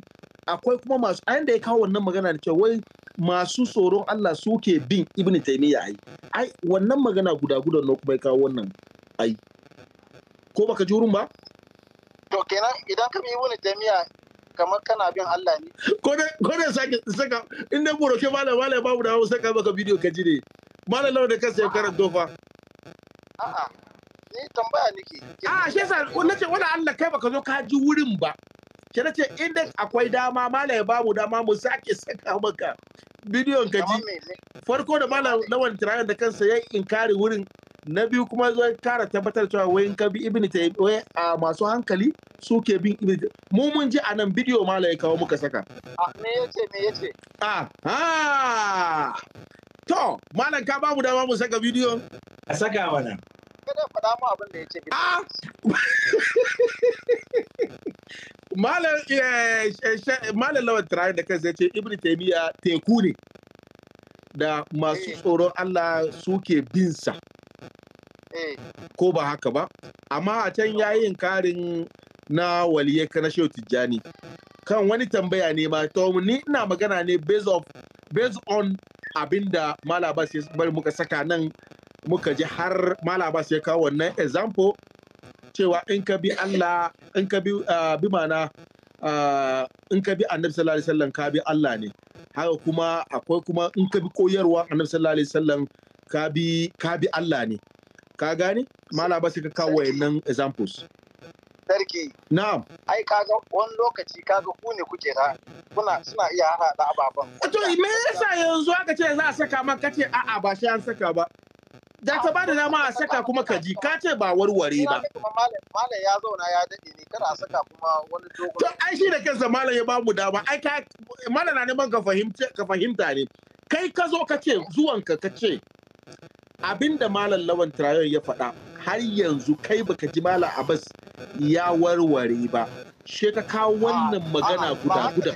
akwai kuma masu a yanda ya kawo wannan magana da cewa wai masu tsoron Allah suke bin ibnu taymiya ai ai wannan magana guda guda na kuma ya kawo wannan ai ko baka jurun ba to kenan idan ka bi ibnu taymiya kamar kana bin Allah ne ko ne sake saka in dan ke malam malam babu da hawo saka maka bidiyo ka ji ne malam lawan da kansa ya karanto fa a'a ni tambaya nake a'a shi yasa nace wala Allah kai baka zo ka ji wurin ba ke nace in dan akwai dama malam ya babu dama mu sake saka maka bidiyon ka ji farko da malam lawan tirayen da kansa ya inkari wurin na biyu kuma zai kara tabbatar cewa wayin ka bi ibn Wai a masu hankali suke bin ibn mu mun ji anan bidiyo mala ya kawo muka saka a me yace me yace a ha to malam ka babu dama mu saka bidiyo a saka mana kada faɗa mu abin da yace a [LAUGHS] malam eh, eh, eh, lawan tarayi da kansa ce ibn taymiya teku ne da masu tsoron Allah suke binsa. sa Eh. ko ba haka ba amma a can yayin karin na waliye na shehu tijjani kan wani tambaya ne ma to ni ina magana ne based of based on abinda malaba ya bari muka saka nan muka ji har malaba ya kawo wannan example cewa in ka bi Allah in ka bi ah, bi mana ah, in ka bi annabi sallallahu alaihi wasallam ka bi Allah ne haka kuma akwai kuma in ka bi koyarwa annabi sallallahu alaihi wasallam ka bi ka bi Allah ne ka gani mala ba ka kawo wayannan examples sarki na'am ai kaga wani lokaci kaga ku ne kuke ra, kuna suna iya hada da ababan to me yasa yanzu aka ce za a saka ma kace a'a ba shi an saka ba da ka bada dama a saka kuma ka ji ka ce ba warware ba malam ya zauna ya dade ne kada a saka kuma wani dogon to ai shi da kansa malam ya ba mu dama ai ka malam na neman ka fahimta ka fahimta ne kai ka zo ka ce zuwanka ka ce Abin da malam lawan turayen ya faɗa har yanzu kai baka ji malam abbas ya warware ba she ka kawo ah, wannan ah, magana guda guda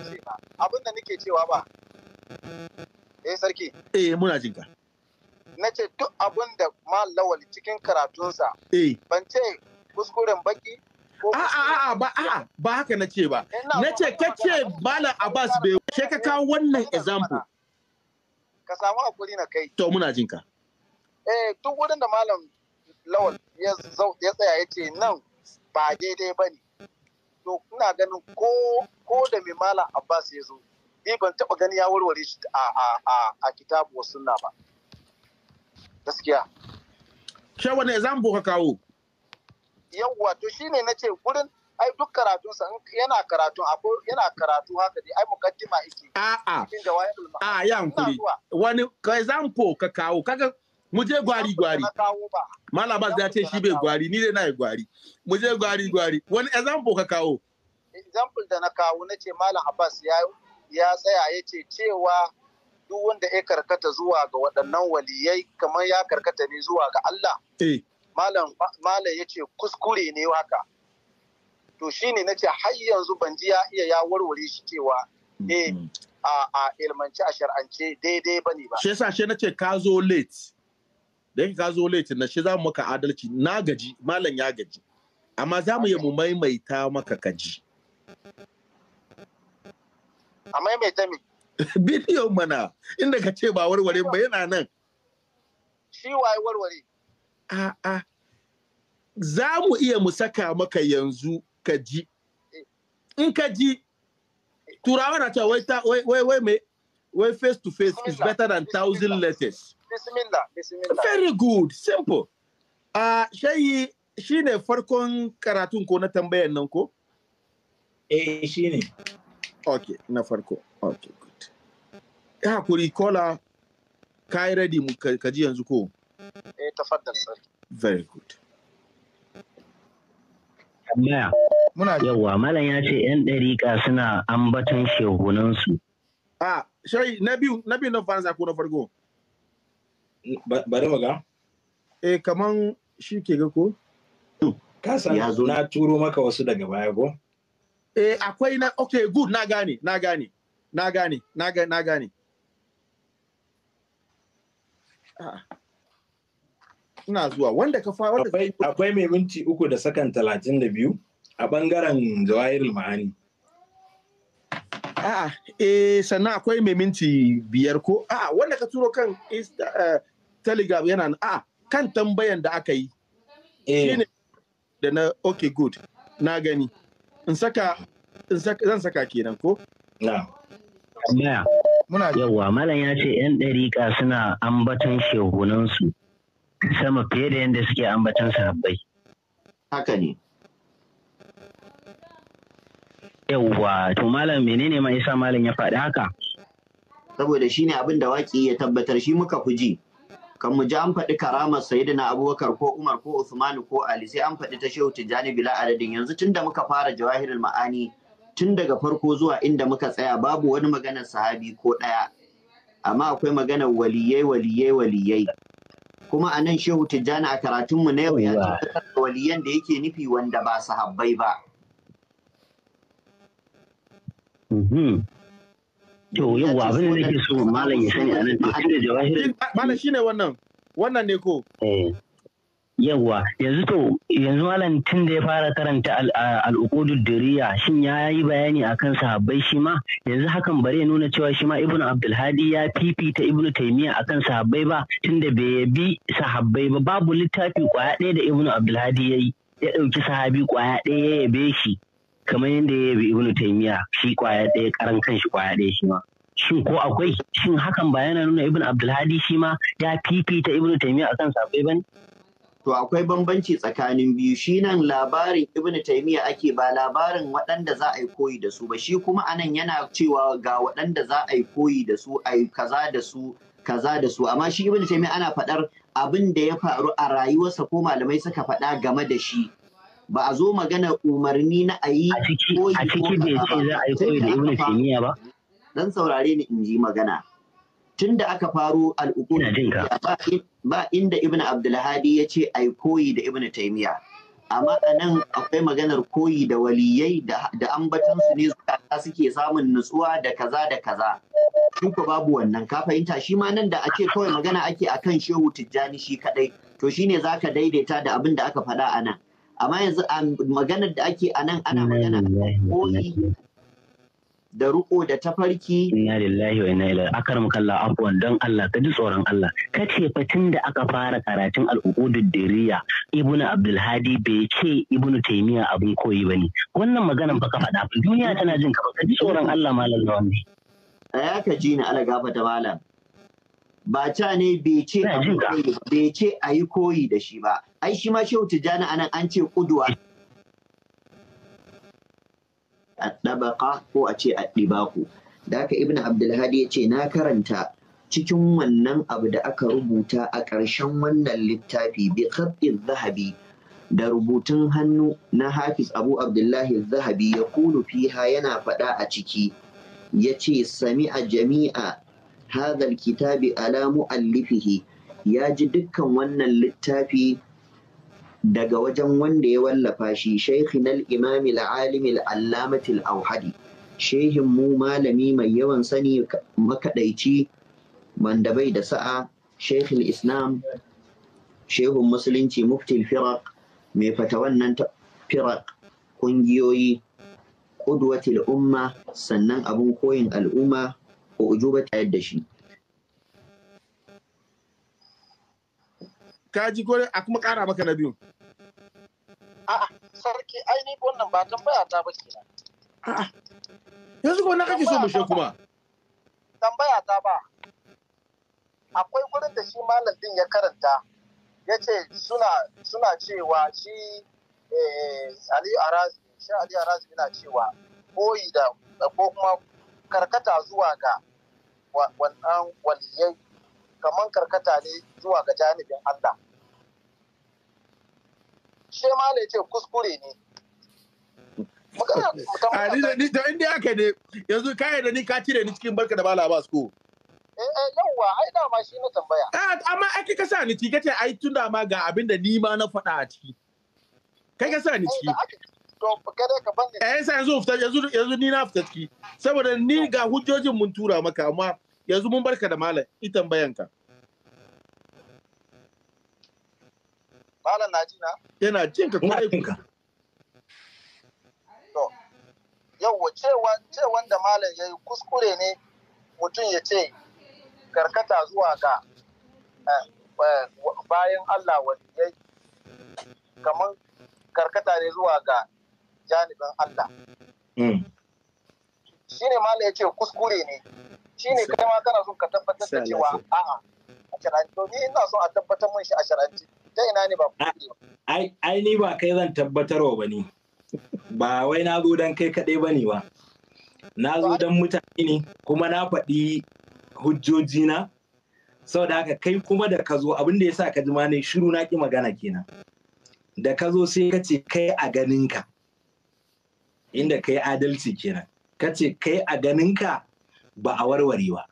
abin da nake cewa ba eh sarki eh muna jin ka na ce duk abin da malam lawan cikin karatunsa eh ban ce kuskuren baki A'a ba a'a ba haka na ce ba. Na ce kace Malam Abbas bai she ka kawo wannan example. Ka samu hakuri na kai. To muna jin ka. eh duk wurin da malam lawal ya tsaya ya ce nan ba daidai ba ne to ina ganin ko da mai malam abbas ya zo ni ban taba gani ya warware shi a kitabu wa sunna ba gaskiya shawa ne zan boka kawo yawwa to shine na ce gurin ai duk karatun sa yana karatu abu yana karatu haka dai ai mukaddima yake a a a yan kuri wani ka example ka kawo kaga Muje gwari gwari malam bas ya ce shi bai gwari ni dai na yi gwari Muje gwari gwari wani example ka kawo example da na kawo na ce malam abbas ya ya tsaya ya ce cewa duk wanda ya karkata zuwa ga waɗannan waliyai kamar ya karkata ne zuwa ga Allah eh. malam malam ya ce kuskure ne haka to shine na ce har yanzu ban ji ya iya ya warware shi cewa eh a ilmanci a shar'ance daidai bane ba shi yasa shi na ce ka zo late da ka zo laifin na shi za mu maka adalci na gaji malam ya gaji amma za mu yi mu maimaita maka kaji a maimaita mi [LAUGHS] bidiyon mana inda ka ce ba warware ba yana nan shi waye warware a a za mu iya mu saka maka yanzu kaji. Eh. in ka ji turawa na cewa wai wai wai wai face to face is better than thousand letters Bismillah, bismillah. Very good, simple. Uh, shayi shi ne farkon karatun ko na tambayan nan ko? Eh, shi ne. na farko. okay good. Ya hakuri, kola, kai ready mu kaji yanzu ko? Eh, tafaddal, sir. Very good. Tambaya. Muna Yawwa, Malam ya ce ‘yan dariƙa suna ambaton shehunansu. Ah, shayi, na biyu na biyu na faransa ko na farko? bari mu ga eh kaman shi ke ga ko ka san na turo maka wasu daga baya ko eh akwai na okay good na gane na gane na gane na gane na gane ah. ina zuwa wanda ka fara akwai mai minti uku da sakan talatin da biyu a bangaren Jawahir ma'ani a'a ah, eh sannan akwai mai minti biyar ko a'a ah, wanda ka turo kan eh, telegram yana a kan tambayan da aka yi eh. shine da na ok good na gani in saka zan saka kenan ko na muna yawa malam ya ce yan dariƙa suna ambaton shehunansu sama fiye da yadda suke ambaton sahabbai haka ne yawwa to malam menene ma yasa malam ya faɗi haka saboda shine abin da waki ya tabbatar shi muka fuji ji kan mu ji an faɗi karamar na abubakar ko umar ko usman ko ali sai an faɗi ta shehu tijjani bila adadin yanzu tun da muka fara jawahirul ma'ani tun daga farko zuwa inda muka tsaya babu wani maganar sahabi ko ɗaya amma akwai maganar waliyai waliyai waliyai kuma a nan shehu tijjani a karatunmu na yau ya ce waliyan da yake nufi wanda ba sahabbai ba. Mhm. To yawwa so malam ya da eh, eh, yanzu to yanzu malam tun da ya fara karanta al'uqudud diriya shin ya yi bayani akan sahabbai shi ma yanzu hakan bare nuna cewa shi ma Ibn Abdulhadi ya fifita Ibn taimiya akan sahabbai ba tun da bai yabi sahabbai ba babu littafi kwaya ɗaya da Ibn Abdulhadi ya yi ya ɗauki sahabi kwaya ɗaya ya yabe shi kamar yadda ya yabi ibnu taymiya shi kwaya ɗaya karan kan shi kwaya ɗaya shi ma shin ko akwai shin hakan ba yana nuna ibnu abdulhadi shi ma ya fifita ibnu taymiya akan sabai bane to akwai bambanci tsakanin biyu shi nan labarin ibnu taymiya ake ba labarin waɗanda za a yi koyi da su ba shi kuma anan yana cewa ga waɗanda za a yi koyi da su a yi kaza da su kaza da su amma shi ibnu taymiya ana faɗar abin da ya faru a rayuwarsa ko malamai suka faɗa game da shi ba a zo magana umarni na a yi koyi a ciki bai ce a yi koyi da ibnu taymiya ba dan saurare ni in ji magana Tunda aka faro al'ukun ba inda ibnu abdulhadi ya ce a yi koyi da ibnu taymiya amma a nan akwai maganar koyi da waliyai da ambatansu ne zukata suke samun nutsuwa da kaza da kaza shi babu wannan ka fahimta shi ma nan da ake kawai magana ake kan shehu tijjani shi kadai to shine zaka daidaita da abin da aka faɗa a nan amma yanzu um, maganar da ake a nan ana magana koyi da ruko da tafarki inna lillahi wa inna ilaihi akar mukalla afwan don Allah ka ji tsoron Allah Ka ce, fatin da aka fara karatun al-uqudud diriya ibnu abdul hadi bai ce ibnu taymiya abin koyi bane wannan maganar ba ka faɗa duniya tana jin ka ka ji tsoron Allah malam ne ya ka ji ni ala gaba da malam ba ta ne bai ce a yi koyi da shi ba ai shi ma shehu tijjani anan an ce kuduwa a ɗabaka ko a ce a ɗibaku da aka ibn abdulhadi ya ce na karanta cikin wannan abu da aka rubuta a ƙarshen wannan littafi bi khatin zahabi da rubutun hannu na hafiz abu abdullahi zahabi ya kulu fiha yana faɗa a ciki ya ce sami'a jami'a hadal kitabi ala mu'allifihi ya ji dukkan wannan littafi daga wajen wanda ya wallafa shi shaykhinal al'imami al-alimi auhadi shehin mu malami mai yawan sani makadaici wanda bai da sa'a shekhin islam shehun musulunci muftil firak mai fata wannan firak kungiyoyi ƙudwatil umma sannan abun koyin al'umma ko ujuba ta yadda shi ka ji gore a kuma kara maka na biyu a'a sarki ai ni wannan ba tambaya ta ba ke a'a yanzu ko na kake so mu kuma tambaya ta ba akwai gurin da shi malam din ya karanta ya ce suna cewa shi eh, Ali Arazi shi Ali Arazi yana cewa koyi da ko kuma karkata zuwa ga wannan waliyai kaman karkata ne zuwa ga janibin Allah. Shi ma ce kuskure ne. [LAUGHS] Ah, da inda aka ne yanzu kayan da ni ka cire ni cikin barka da bala ba su Eh, eh yawwa ai da ma shi na tambaya. Ah, amma ake ka sa ni ciki kace ai tun da ma ga abin da ni ma na faɗa a ciki. Kai ka sa ni eh, ciki. Eh sai yanzu yanzu ni na fita ciki saboda ni ga hujjojin mun tura maka amma yanzu mun barka da malam i tambayanka malam na yana jin ka kuma kuka to yawwa cewa da malam yi kuskure ne mutum ya ce karkata zuwa ga eh, eh, bayan Allah waliyai kamar karkata ne zuwa ga janibin Allah. Hmm. Shi ne malam ya ce kuskure ne. shine kai ma kana son ka tabbatar da cewa a'a a to ni ina son a tabbatar mun shi a shar'anci ta ina ne ba ai ai ni ba kai zan tabbatarwa ba ni ba wai na zo dan kai kaɗai ba ne ba na zo dan mutane ne kuma na faɗi hujjojina sau da haka kai kuma da ka zo abinda ya sa ka ji ne shiru na ƙi magana kenan da ka zo sai ka ce kai a ganinka inda kai adalci kenan ka ce kai a ganinka ba a warware ba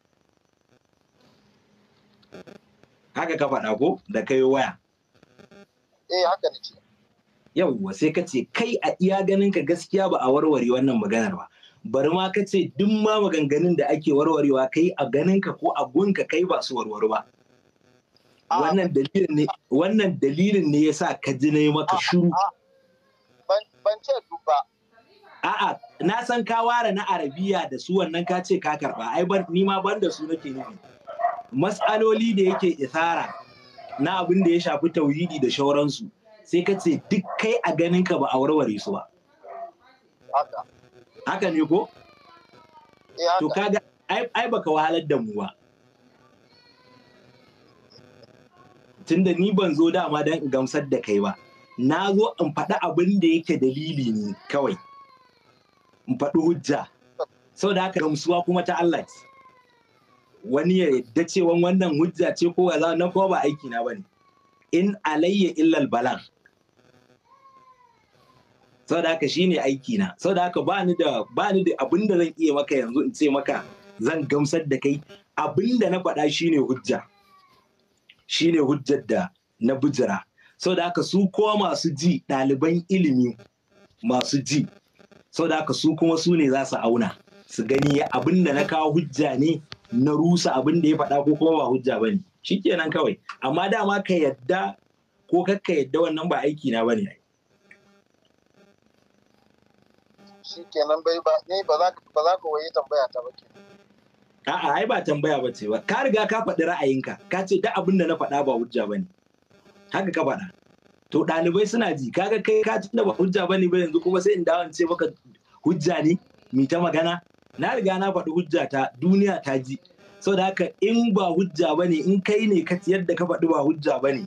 haka ka faɗa ko da kai waya eh haka ne yawwa sai ka ce kai a iya ganin ka gaskiya ba a warware wannan maganar ba bari ma ka ce duk ma maganganun da ake warwarewa kai a ganin ka ko a gunka kai ba su warware ba ah. wannan dalilin ne wannan dalilin ne yasa ka ji na maka ah, ah. Ban ban ce duk ba a'a na san ka ware na arabiya da su wannan ka ce ka karba ai ban, ni ma ban da su nake nufi matsaloli da yake isara na abin da ya shafi tauhidi da shauransu sai ka ce duk kai a ganin ka ba a warware su ba haka ne ko eh, to kaga ai baka wahalar da mu ba tunda ni ban zo dama don in gamsar da kai ba na zo in faɗi abin da yake dalili ne kawai in faɗi hujja sau da haka gamsuwa kuma ta Allah wani ya yadda cewa wannan hujja ce ko za na ko ba aiki na bane in alayya illal balan sau da haka shine aiki na sau da haka bani da bani da abin da zan iya maka yanzu in ce maka zan gamsar da kai abin da na faɗa shine hujja shine hujjar da na bujira sau da haka su ko masu ji ɗaliban ilimi masu ji da haka su kuma su ne za su auna su gani abin da na kawo hujja ne na rusa abin da ya faɗa ko kuma ba hujja ba ne shikenan kawai amma dama ka yadda ko kakka yadda wannan ba aiki na ba ne. shikenan bai ba ni ba za ba za ka waye tambaya ta ba ke a'a ai ba tambaya ba ce ba ka riga ka faɗi ra'ayinka ka ce duk abin da na faɗa ba hujja ba ne, haka ka faɗa to ɗalibai suna ji kaga kai ka tunda ba hujja ba ne ba yanzu kuma sai in dawo ce maka hujja ne mi ta magana na riga na faɗi hujja ta duniya ta ji saboda haka in ba hujja ba ne in kai ne ka yadda ka faɗi ba hujja ba ne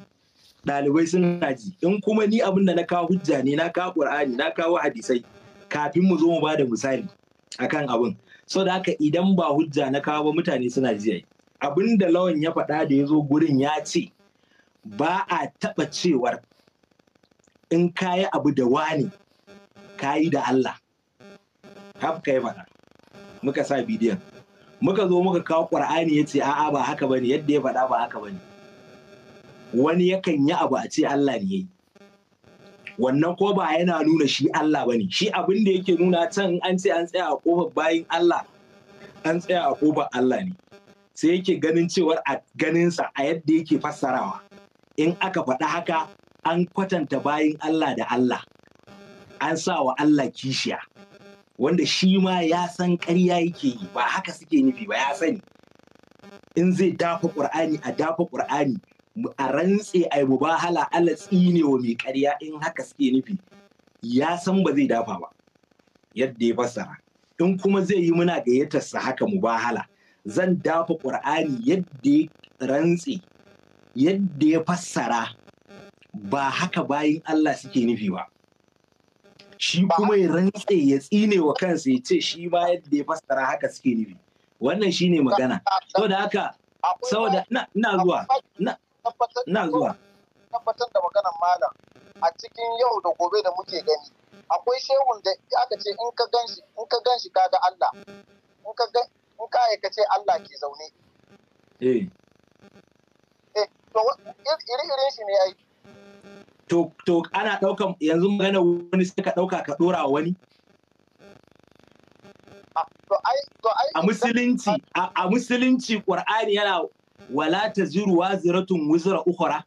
ɗalibai suna ji in kuma ni abin da na kawo hujja ne na kawo ƙur'ani na kawo hadisai kafin mu zo mu ba da misali akan abin saboda haka idan ba hujja na kawo ba mutane suna ji abin da lawan ya faɗa da ya zo gurin ya ce ba a taɓa cewar in kayi abu da wani ka da Allah haka kai faɗa muka sa bidiyon muka zo muka kawo ƙwar'ani ya ce a'a ba haka bane yadda ya faɗa ba haka bane wani yakan yi abu a ce Allah ne yayi wannan ko ba yana nuna shi Allah bane shi abin da yake nuna can an ce an tsaya a kofar bayin Allah an tsaya a kofar Allah ne sai yake ganin cewar a ganinsa a yadda yake fassarawa in aka faɗa haka an kwatanta bayin Allah da Allah an sa wa Allah kishiya wanda shi ma ya san ƙarya yake yi ba haka suke nufi ba ya sani in zai dafa ƙur'ani a dafa ƙur'ani a rantse a yi mubahala Allah tsine wa mai ƙarya in haka suke nufi ya san ba zai dafa ba yadda ya fassara in kuma zai yi muna gayyatarsa haka mu mubahala zan dafa ƙur'ani yadda ya rantse yadda ya fassara ba haka bayin Allah suke nufi ba. Shi kuma ya rantse ya tsine wa kansa ya ce shi ma yadda ya fassara haka suke nufi. Wannan shi ne magana. Saboda haka, saboda na zuwa, na zuwa. Tabbatar da maganar malam a cikin yau da gobe da muke gani. Akwai shehun da aka ce in ka gan shi, in ka gan shi kaga Allah. In ka gan, in ka ce Allah ke zaune. Eh. Eh, to iri-irin shi ne aiki. to ana ɗaukan yanzu magana wani sai ka ɗauka ka ɗora wani a musulunci a musulunci qur'ani yana wala taziru waziratun wuzra ukhra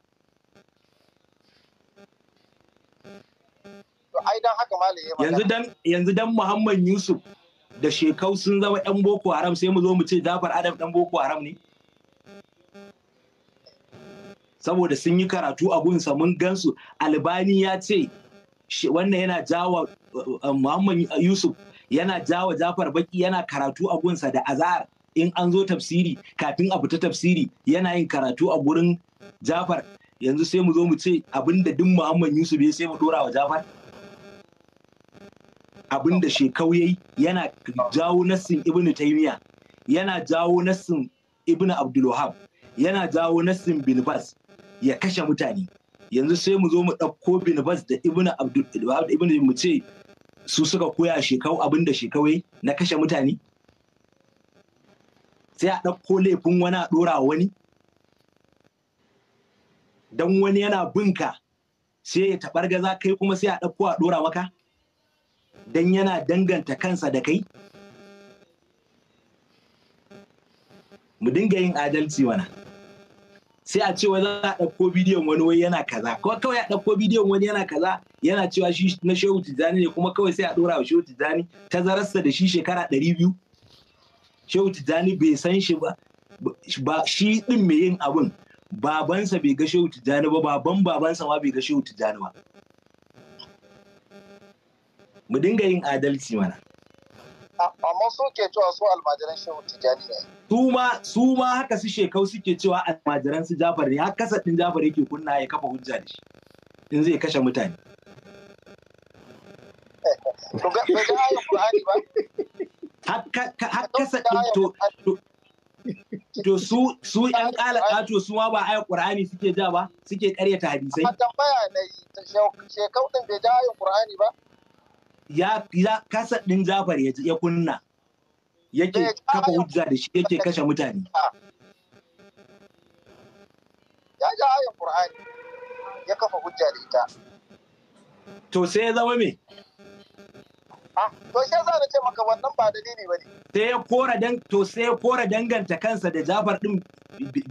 yanzu dan yanzu dan Muhammad Yusuf da shekau sun zama yan Boko Haram sai mu zo mu ce Jafar Adam dan Boko Haram ne saboda sun yi karatu a gunsa mun gansu albani ya ce wannan yana jawa eh, eh, muhammad yusuf yana jawa jafar baki yana karatu a gunsa da azar in an zo tafsiri kafin a fita tafsiri yana yin karatu a gurin jafar yanzu sai mu zo mu ce abinda duk muhammad yusuf ya sai mu dora wa jafar abinda shekau yayi yana jawo nassin Ibn taymiya yana jawo nassin Ibn abdulwahab yana jawo nassin bilbas ya kashe mutane yanzu sai mu zo mu ɗauko bin bas da ibn abdul da ibn mu ce su suka koya shekau abin da shekawai na kashe mutane sai a ɗauko laifin wani a ɗora wani don wani yana binka sai ya taɓar gaza kai kuma sai a ɗauko a ɗora maka don yana danganta kansa da kai mu dinga yin adalci wana. sai a ce wani za a ɗauko bidiyon wani wai yana kaza ko kawai a ɗauko bidiyon wani yana kaza yana cewa shi na shehu tijjani ne kuma kawai sai a ɗora wa shehu tijjani tazararsa da shi shekara ɗari biyu shehu tijjani bai san shi ba ba shi ɗin mai yin abun babansa bai ga shehu tijjani ba baban babansa ma bai ga shehu tijjani ba mu dinga yin adalci mana amma su ke cewa su almajiran shehu tijjani ne su ma su ma haka su shekau suke cewa almajiran su jafar ne haka kasadin jafar yake kunna ya kafa hujja da shi in zai kashe mutane har kasadin to to su su yan kalaka to su ma ba ayi qur'ani suke ja ba suke karyata hadisai tambaya ne shekau din bai ja ayin qur'ani ba ya kasa ɗin Jafar ya kunna yake eh, kafa hujja da shi yake kashe mutane. Ya ja ayin Qur'ani ya kafa hujja da ita. To sai ya zama me? Ah, to sai za ce maka wannan ba dalili ba ne. Sai ya kora dan to sai ya kora danganta kansa da Jafar din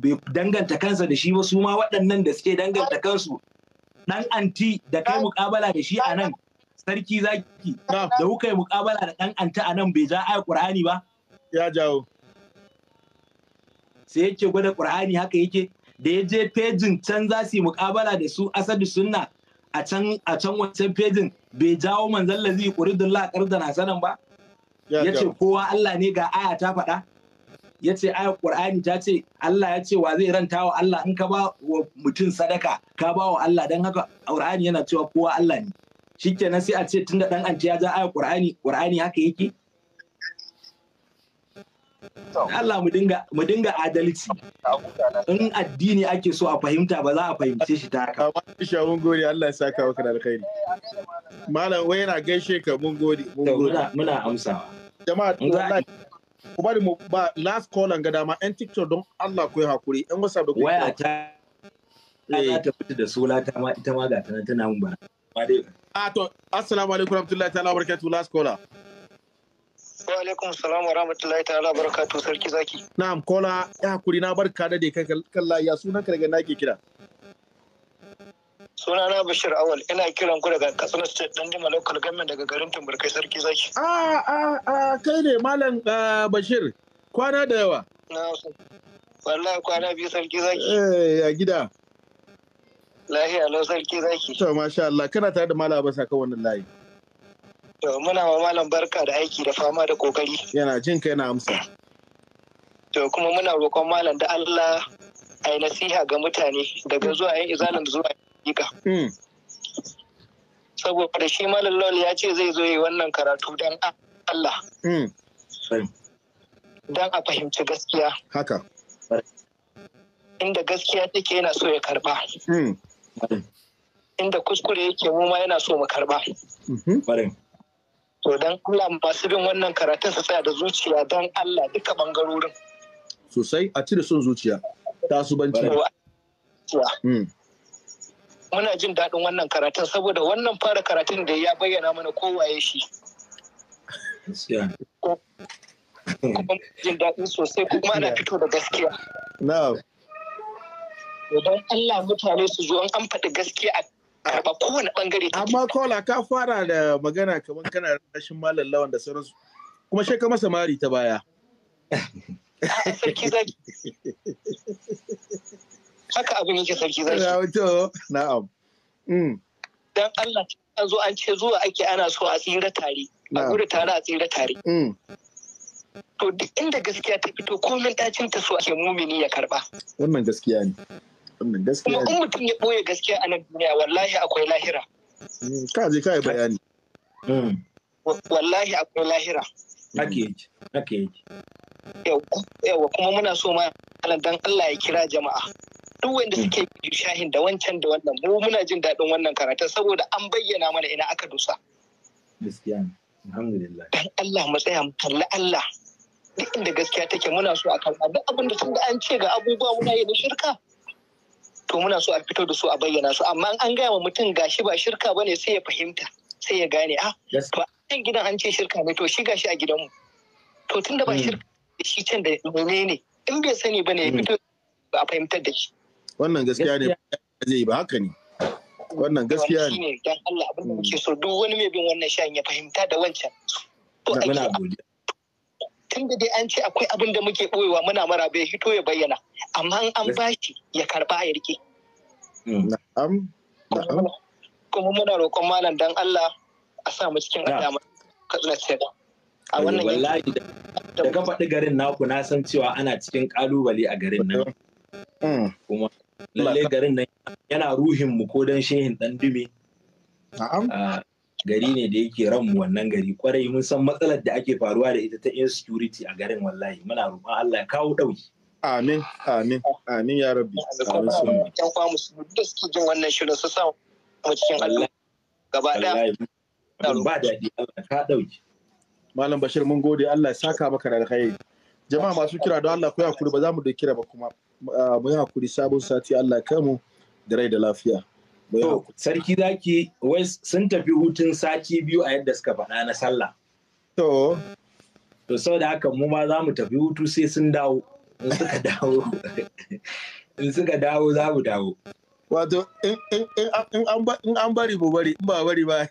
bai danganta kansa da shi ba su ma waɗannan da suke danganta kansu dan anti da kai mukabala da shi a nan. sarki zaki da kuka yi mukabala da dan anta a nan bai ja aya ƙur'ani ba ya jawo sai yake gwada ƙur'ani haka yake da ya je fejin can za su yi mukabala da su asadu sunna a can a can wancan fejin bai jawo manzon lazi da na sanan ba ya ce kowa Allah ne ga aya ta faɗa ya ce qur'ani ta ce Allah ya ce wa zai ranta wa Allah in ka ba wa mutum sadaka ka ba wa Allah don haka ƙur'ani yana cewa kowa Allah ne shikenan sai a ce tunda dan anti ya ja aya qur'ani qur'ani haka yake Allah mu dinga mu dinga adalci in addini ake so a fahimta ba za a fahimce shi ta haka Aisha mun gode Allah ya saka maka da alkhairi Malam wai yana gaishe ka mun gode mun gode muna amsawa jama'a wallahi ku bari mu ba last call an ga dama yan TikTok don Allah ku yi hakuri yan WhatsApp da ku waya ta ta fita da sola ta ma ita ma ga tana tana mun ba ba dai Ah, to, assalamu alaikum rahmatullahi ta'ala wa barakatuhu last caller. Wa alaikum salam wa rahmatullahi ta'ala wa barakatuhu sarki zaki. Na'am, kola ya hakuri na barka da dai kalla ya sunan ka daga nake kira. Suna na Bashir Awal, ina kiran ku daga Katsina State dan Jima Local Government daga garin Tumburkai sarki zaki. Ah, ah, ah, kai ne Malam ah, Bashir, kwana da yawa. Na'am. Wallahi kwana biyu sarki zaki. Eh, ya gida. Lahiya lau sarki zaki. To masha Allah kana tare da malama basa kan wannan layi. To muna wa Malam barka da aiki da fama da kokari. Yana jin ka yana amsa. To kuma muna roƙon Malam da Allah ai nasiha ga mutane daga zuwa yin izalin zuwa yika. Hmm. Saboda shi Malam lol ya ce zai zo yi wannan karatu don Allah. Hmm. Don a fahimci gaskiya. Haka. Inda gaskiya take yana so ya karɓa. Hmm. inda kuskure yake mu ma yana so mu karba mhm. to dan Allah masu bin wannan karatun su tsaya da zuciya don Allah duka bangarorin sosai a cire son zuciya tasubanci hmm. muna jin daɗin wannan karatun saboda wannan fara karatun da ya bayyana mana kowaye shi kuma jin daɗin sosai kuma na fito da gaskiya don Allah mutane su zo an faɗi gaskiya a karɓa kowane ɓangare. Amma kola ka fara da magana kamar kana rashin malam lawan da sauransu kuma ka masa mari ta baya. Sarki zaki. Haka abin yake sarki zaki. Na wato na'am. Mm. Dan Allah an zo an ce zuwa ake ana so a tsira tare. A gudu tare a tsira tare. Mm. To duk inda gaskiya ta fito komin ɗacin ta so ake mumini ya karɓa. Wannan gaskiya ne. wannan gaskiya Kuma mutum ya ɓoye gaskiya a nan duniya wallahi akwai lahira hmm, ka je yi bayani hmm. wallahi akwai lahira Ake yi. haka kuma muna so ma dan Allah ya kira jama'a duk wanda hmm. suke shahin da wancan da wannan mu muna jin daɗin wannan karatun saboda an bayyana mana ina aka dusa gaskiya alhamdulillah dan Allah matsaya mu kalli Allah duk inda gaskiya take muna so a kalla duk abin da tun da an ce ga abubuwa muna yi da shirka to muna so a fito da su a bayyana su amma an gaya wa mutum gashi ba shirka ba ne sai ya fahimta sai ya gane ah to can gidan an ce shirka ne to shi gashi a gidanmu to tun da ba mm. shirka shi can da ne ne in bai sani ba ne ya mm. fito ba a fahimtar da shi wannan gaskiya ne zai ba haka ne wannan gaskiya ne dan Allah abin da muke mm. so duk wani mai bin wannan shan ya fahimta da wancan to ake tun da dai an ce akwai abin da muke ɓoyewa muna mara bai hito ya bayyana amma an bashi ya karba ya rike kuma muna roƙon malam dan Allah a sa mu cikin adama katsina seda a eh, wannan wallahi da ka faɗi garin naku na san cewa ana cikin kalubale a garin nan mm. kuma lalle garin nan yana ruhin mu ko dan shehin dan dume na'am ah, gari ne da yake ran wannan gari kwarai mun san matsalar da ake faruwa da ita ta insecurity a garin wallahi muna roƙon Allah ya kawo dauki Amin, amin, amin ya rabbi. Amin su ne. Yan kwa su duk su jin wannan shirin su sa mu cikin Allah gaba ɗaya. Ba daɗi Allah ka dauki Malam Bashir mun gode Allah ya saka maka da alkhairi. Jama'a masu kira don Allah ku hakuri ba za mu da kira ba kuma ah, mu yi hakuri sabon sati Allah ya mu da rai da lafiya. sarki zaki wai sun tafi hutun sati biyu a yadda suka faɗa na sallah. To. To sau da haka mu ma za mu tafi hutu sai sun dawo. In suka [LAUGHS] dawo. In suka dawo za mu dawo. Wato in an bari mu bari in ba bari ba.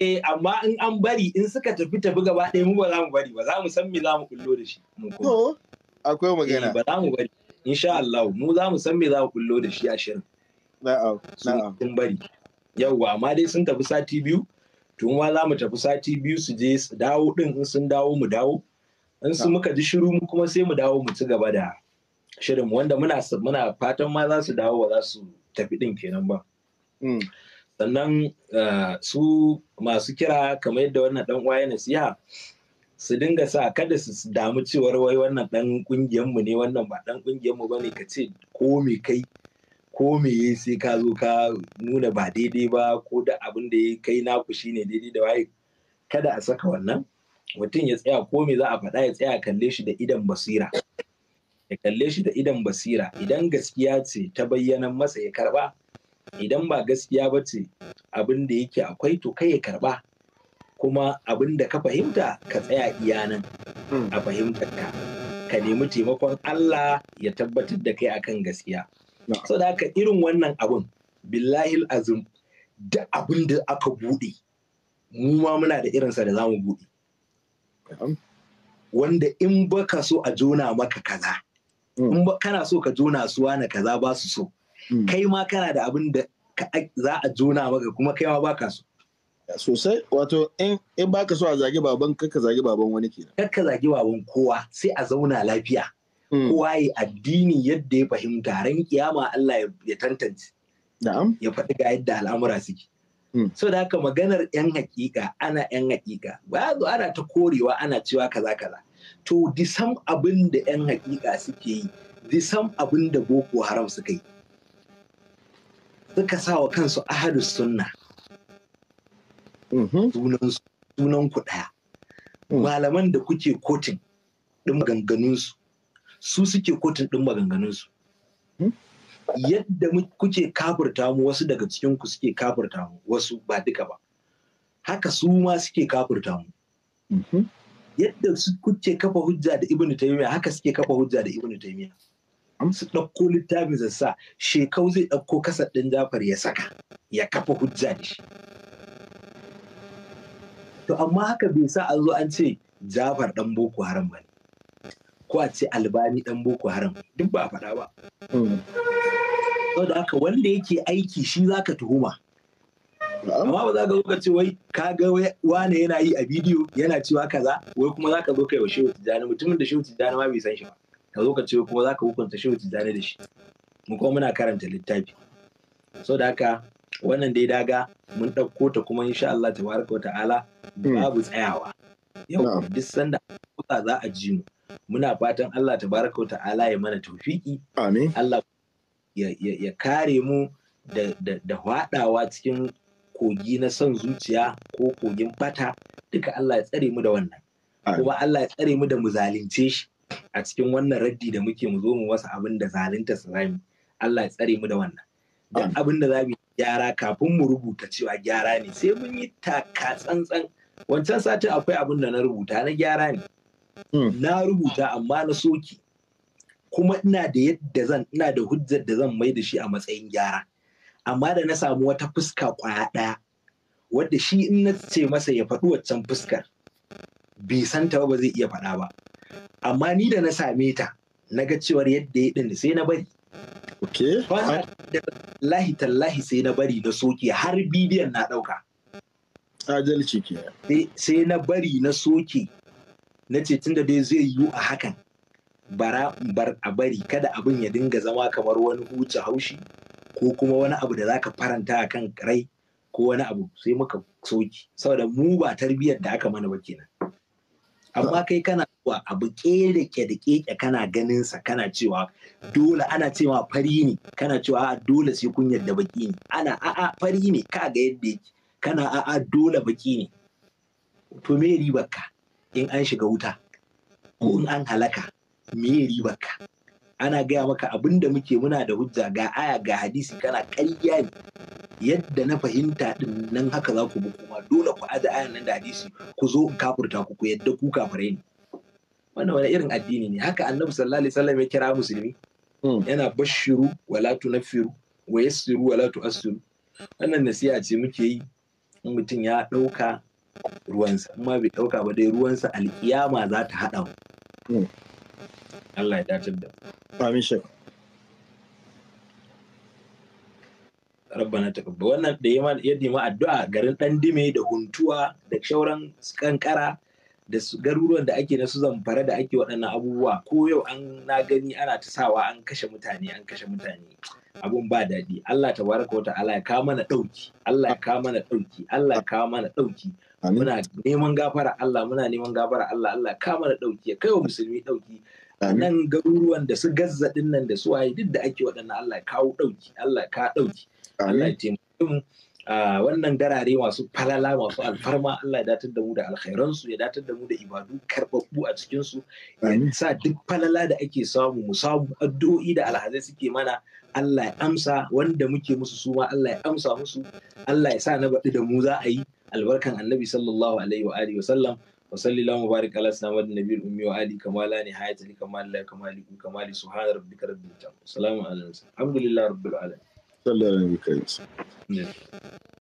Eh amma in an bari in suka tafi tafi gaba ɗaya mu ba za mu bari ba za mu san me za mu kullo da shi. To akwai magana. Eh, ba za mu bari. Insha Allah mu za mu san me za mu kullo da shi a shirin. sun bari yauwa amma dai sun tafi sati biyu tun ma za mu tafi sati biyu su je su dawo din in sun dawo mu dawo in su muka ji shiru mu kuma sai mu dawo mu ci gaba da shirin wanda muna muna fatan ma za su dawo ba za su tafi din kenan ba mm. sannan eh, su masu kira kamar yadda wannan dan waye yana siya su dinga sa kada su damu cewar wai wannan dan kungiyar mu ne wannan ba dan kungiyar mu bane ka ce ko me kai ko meye sai ka zo ka nuna ba daidai ba ko da abin da ya kai naku shine daidai da waye kada a saka wannan mutum ya tsaya ko me za a faɗa ya tsaya kalle shi da idan basira ya kalle shi da idan basira idan gaskiya ce ta bayyana masa ya karba idan ba gaskiya ba ce abin da yake akwai to kai ya karɓa? kuma abin da ka fahimta ka tsaya iya nan hmm. a fahimtar ka ka nemi taimakon Allah ya tabbatar da kai akan gaskiya so da haka irin wannan abun billahi azim da abin da aka buɗe mu ma muna da irinsa da za mu buɗe. Wanda in baka so a jona maka kaza, mm. in kana so ka jona suwa na kaza ba su so, mm. kai ma kana da abin da za a jona maka kuma kai ma baka so. Sosai, wato in baka so a zagi baban kakka zagi baban wani kenan. Kakka zagi baban kowa sai a zauna lafiya. Hmm. kowa ya addini yadda ya fahimta ran kiyama Allah ya tantance ya faɗi ga yadda al'amura suke hmm. so da haka maganar yan hakika ana yan hakika ba zo ana ta korewa ana cewa kaza kaza to disam abin da yan hakika suke yi disam abin da boko haram suka yi suka sa wa kansu ahadu sunna mm-hmm. sunan ku ɗaya hmm. malaman da kuke kotin ɗin maganganunsu su suke kotun ɗin maganganunsu hmm? yadda kuke kafurta mu wasu daga cikin ku suke kafirta mu wasu ba duka ba haka su ma suke kafirta mu mm-hmm. yadda kuke kafa hujja da ibnu taymiya haka suke kafa hujja da ibnu An hmm? su ɗauko littafin zassa shekau zai ɗauko kasar ɗin jafar ya saka ya kafa hujja da shi to amma haka bai sa an zo an ce jafar ɗan boko haram ba ne ko a ce albani dan boko haram duk ba a faɗa ba hmm. saboda haka wanda yake aiki shi ka tuhuma amma ba za ka zo ka ce wai ka ga wane yana yi a bidiyo yana cewa kaza wai kuma za ka zo ka yi wa shehu tijjani mutumin da shehu tijjani ma bai san shi ba ka zo ka ce kuma za ka hukunta shehu tijjani da shi mu kuma muna karanta littafi saboda da haka wannan dai daga mun ɗauko ta kuma insha Allah tabaraka wa ta'ala hmm. babu tsayawa yau duk sanda za a ji mu muna fatan Allah baraka wa ta'ala ya mana tufiki. amin Allah ya kare mu da hwadawa cikin kogi na son zuciya ko kogin fata duka Allah ya tsare mu da wannan kuma Allah ya tsare mu da mu zalunce shi a cikin wannan raddi da muke mu zo mu wasu abin da zalunta su zamu Allah ya tsare mu da wannan duk abin da zamu gyara kafin mu rubuta cewa gyara ne sai mun yi taka tsantsan wancan satin akwai abin da na rubuta na gyara ne Hmm. na rubuta amma na soke. kuma ina da yadda zan ina da hujjar da zan mai da shi a matsayin gyara amma da na samu wata fuska kwaya ɗaya wadda shi in na ce masa ya faɗi waccan fuskar bai santa ba ba zai iya faɗa ba amma ni da na same ta na ga cewar yadda ya ɗin sai na bari Lahi tallahi sai na bari na soke har bidiyon na ɗauka. Adalci ke. Sai na bari na soke na ce tun da dai zai yiwu a hakan bara bar a bari kada abin ya dinga zama kamar wani huce haushi ko kuma wani abu da zaka faranta a kan rai ko wani abu sai muka soki saboda mu ba tarbiyyar da aka mana ba kenan amma kai kana zuwa abu kere da keke kana ganin sa kana cewa dole ana cewa fari ne kana cewa a dole sai kun yadda baki ne ana a'a fari ne ka ga yadda yake kana a'a dole baki ne to me ribar ka in an shiga wuta ko in an halaka me ka ana gaya maka abin da muke muna da hujja ga aya ga hadisi kana ƙarya ne yadda na fahimta din nan haka za ku bi kuma dole ku aza ayan nan da hadisi ku zo in kafurta ku ku yadda ku kafare ne wannan wani irin addini ne haka annabi sallallahu alaihi wasallam ya kira musulmi hmm. yana bashiru wala tunaffiru wa yassiru wala tu'assiru wannan nasiha ce muke yi in mutum ya ɗauka ruwansa in ma bai ɗauka ba dai ruwansa alkiyama za ta haɗa mu hmm. Allah ya dace da amin shek rabbana takabba wannan da ya nema addu'a garin dan dime da huntuwa da shauran kankara da garuruwan da ake na su zamfara da ake waɗannan abubuwa ko yau an na gani ana ta sawa an kashe mutane an kashe mutane abun ba daɗi Allah ta tabaraka wata ta'ala ya kawo mana ɗauki Allah ya kawo mana ɗauki Allah ya kawo mana ɗauki muna neman gafara Allah muna neman gafara Allah Allah kama da dauki ya wa musulmi dauki nan garuruwan da su gazza nan da su waye duk da ake waɗannan Allah kawo dauki Allah ka dauki Allah ya taimake mu wannan garare masu falala masu alfarma Allah ya datar da mu da su ya datar da mu da ibadu karbabbu a cikin su ya sa duk falala da ake samu mu samu addu'o'i da alhazai suke mana Allah ya amsa wanda muke musu su ma Allah ya amsa musu Allah ya sa na baɗi da mu za a yi albarkan annabi sallallahu alaihi wa alihi wa sallam wa sallallahu mubarak ala sayyidina muhammadin nabiyil ummi wa ali kamala ni hayata li kamal la kamal li kamal subhana rabbika rabbil izzati salamun alal mursalin alhamdulillahi rabbil alamin sallallahu alaihi wa sallam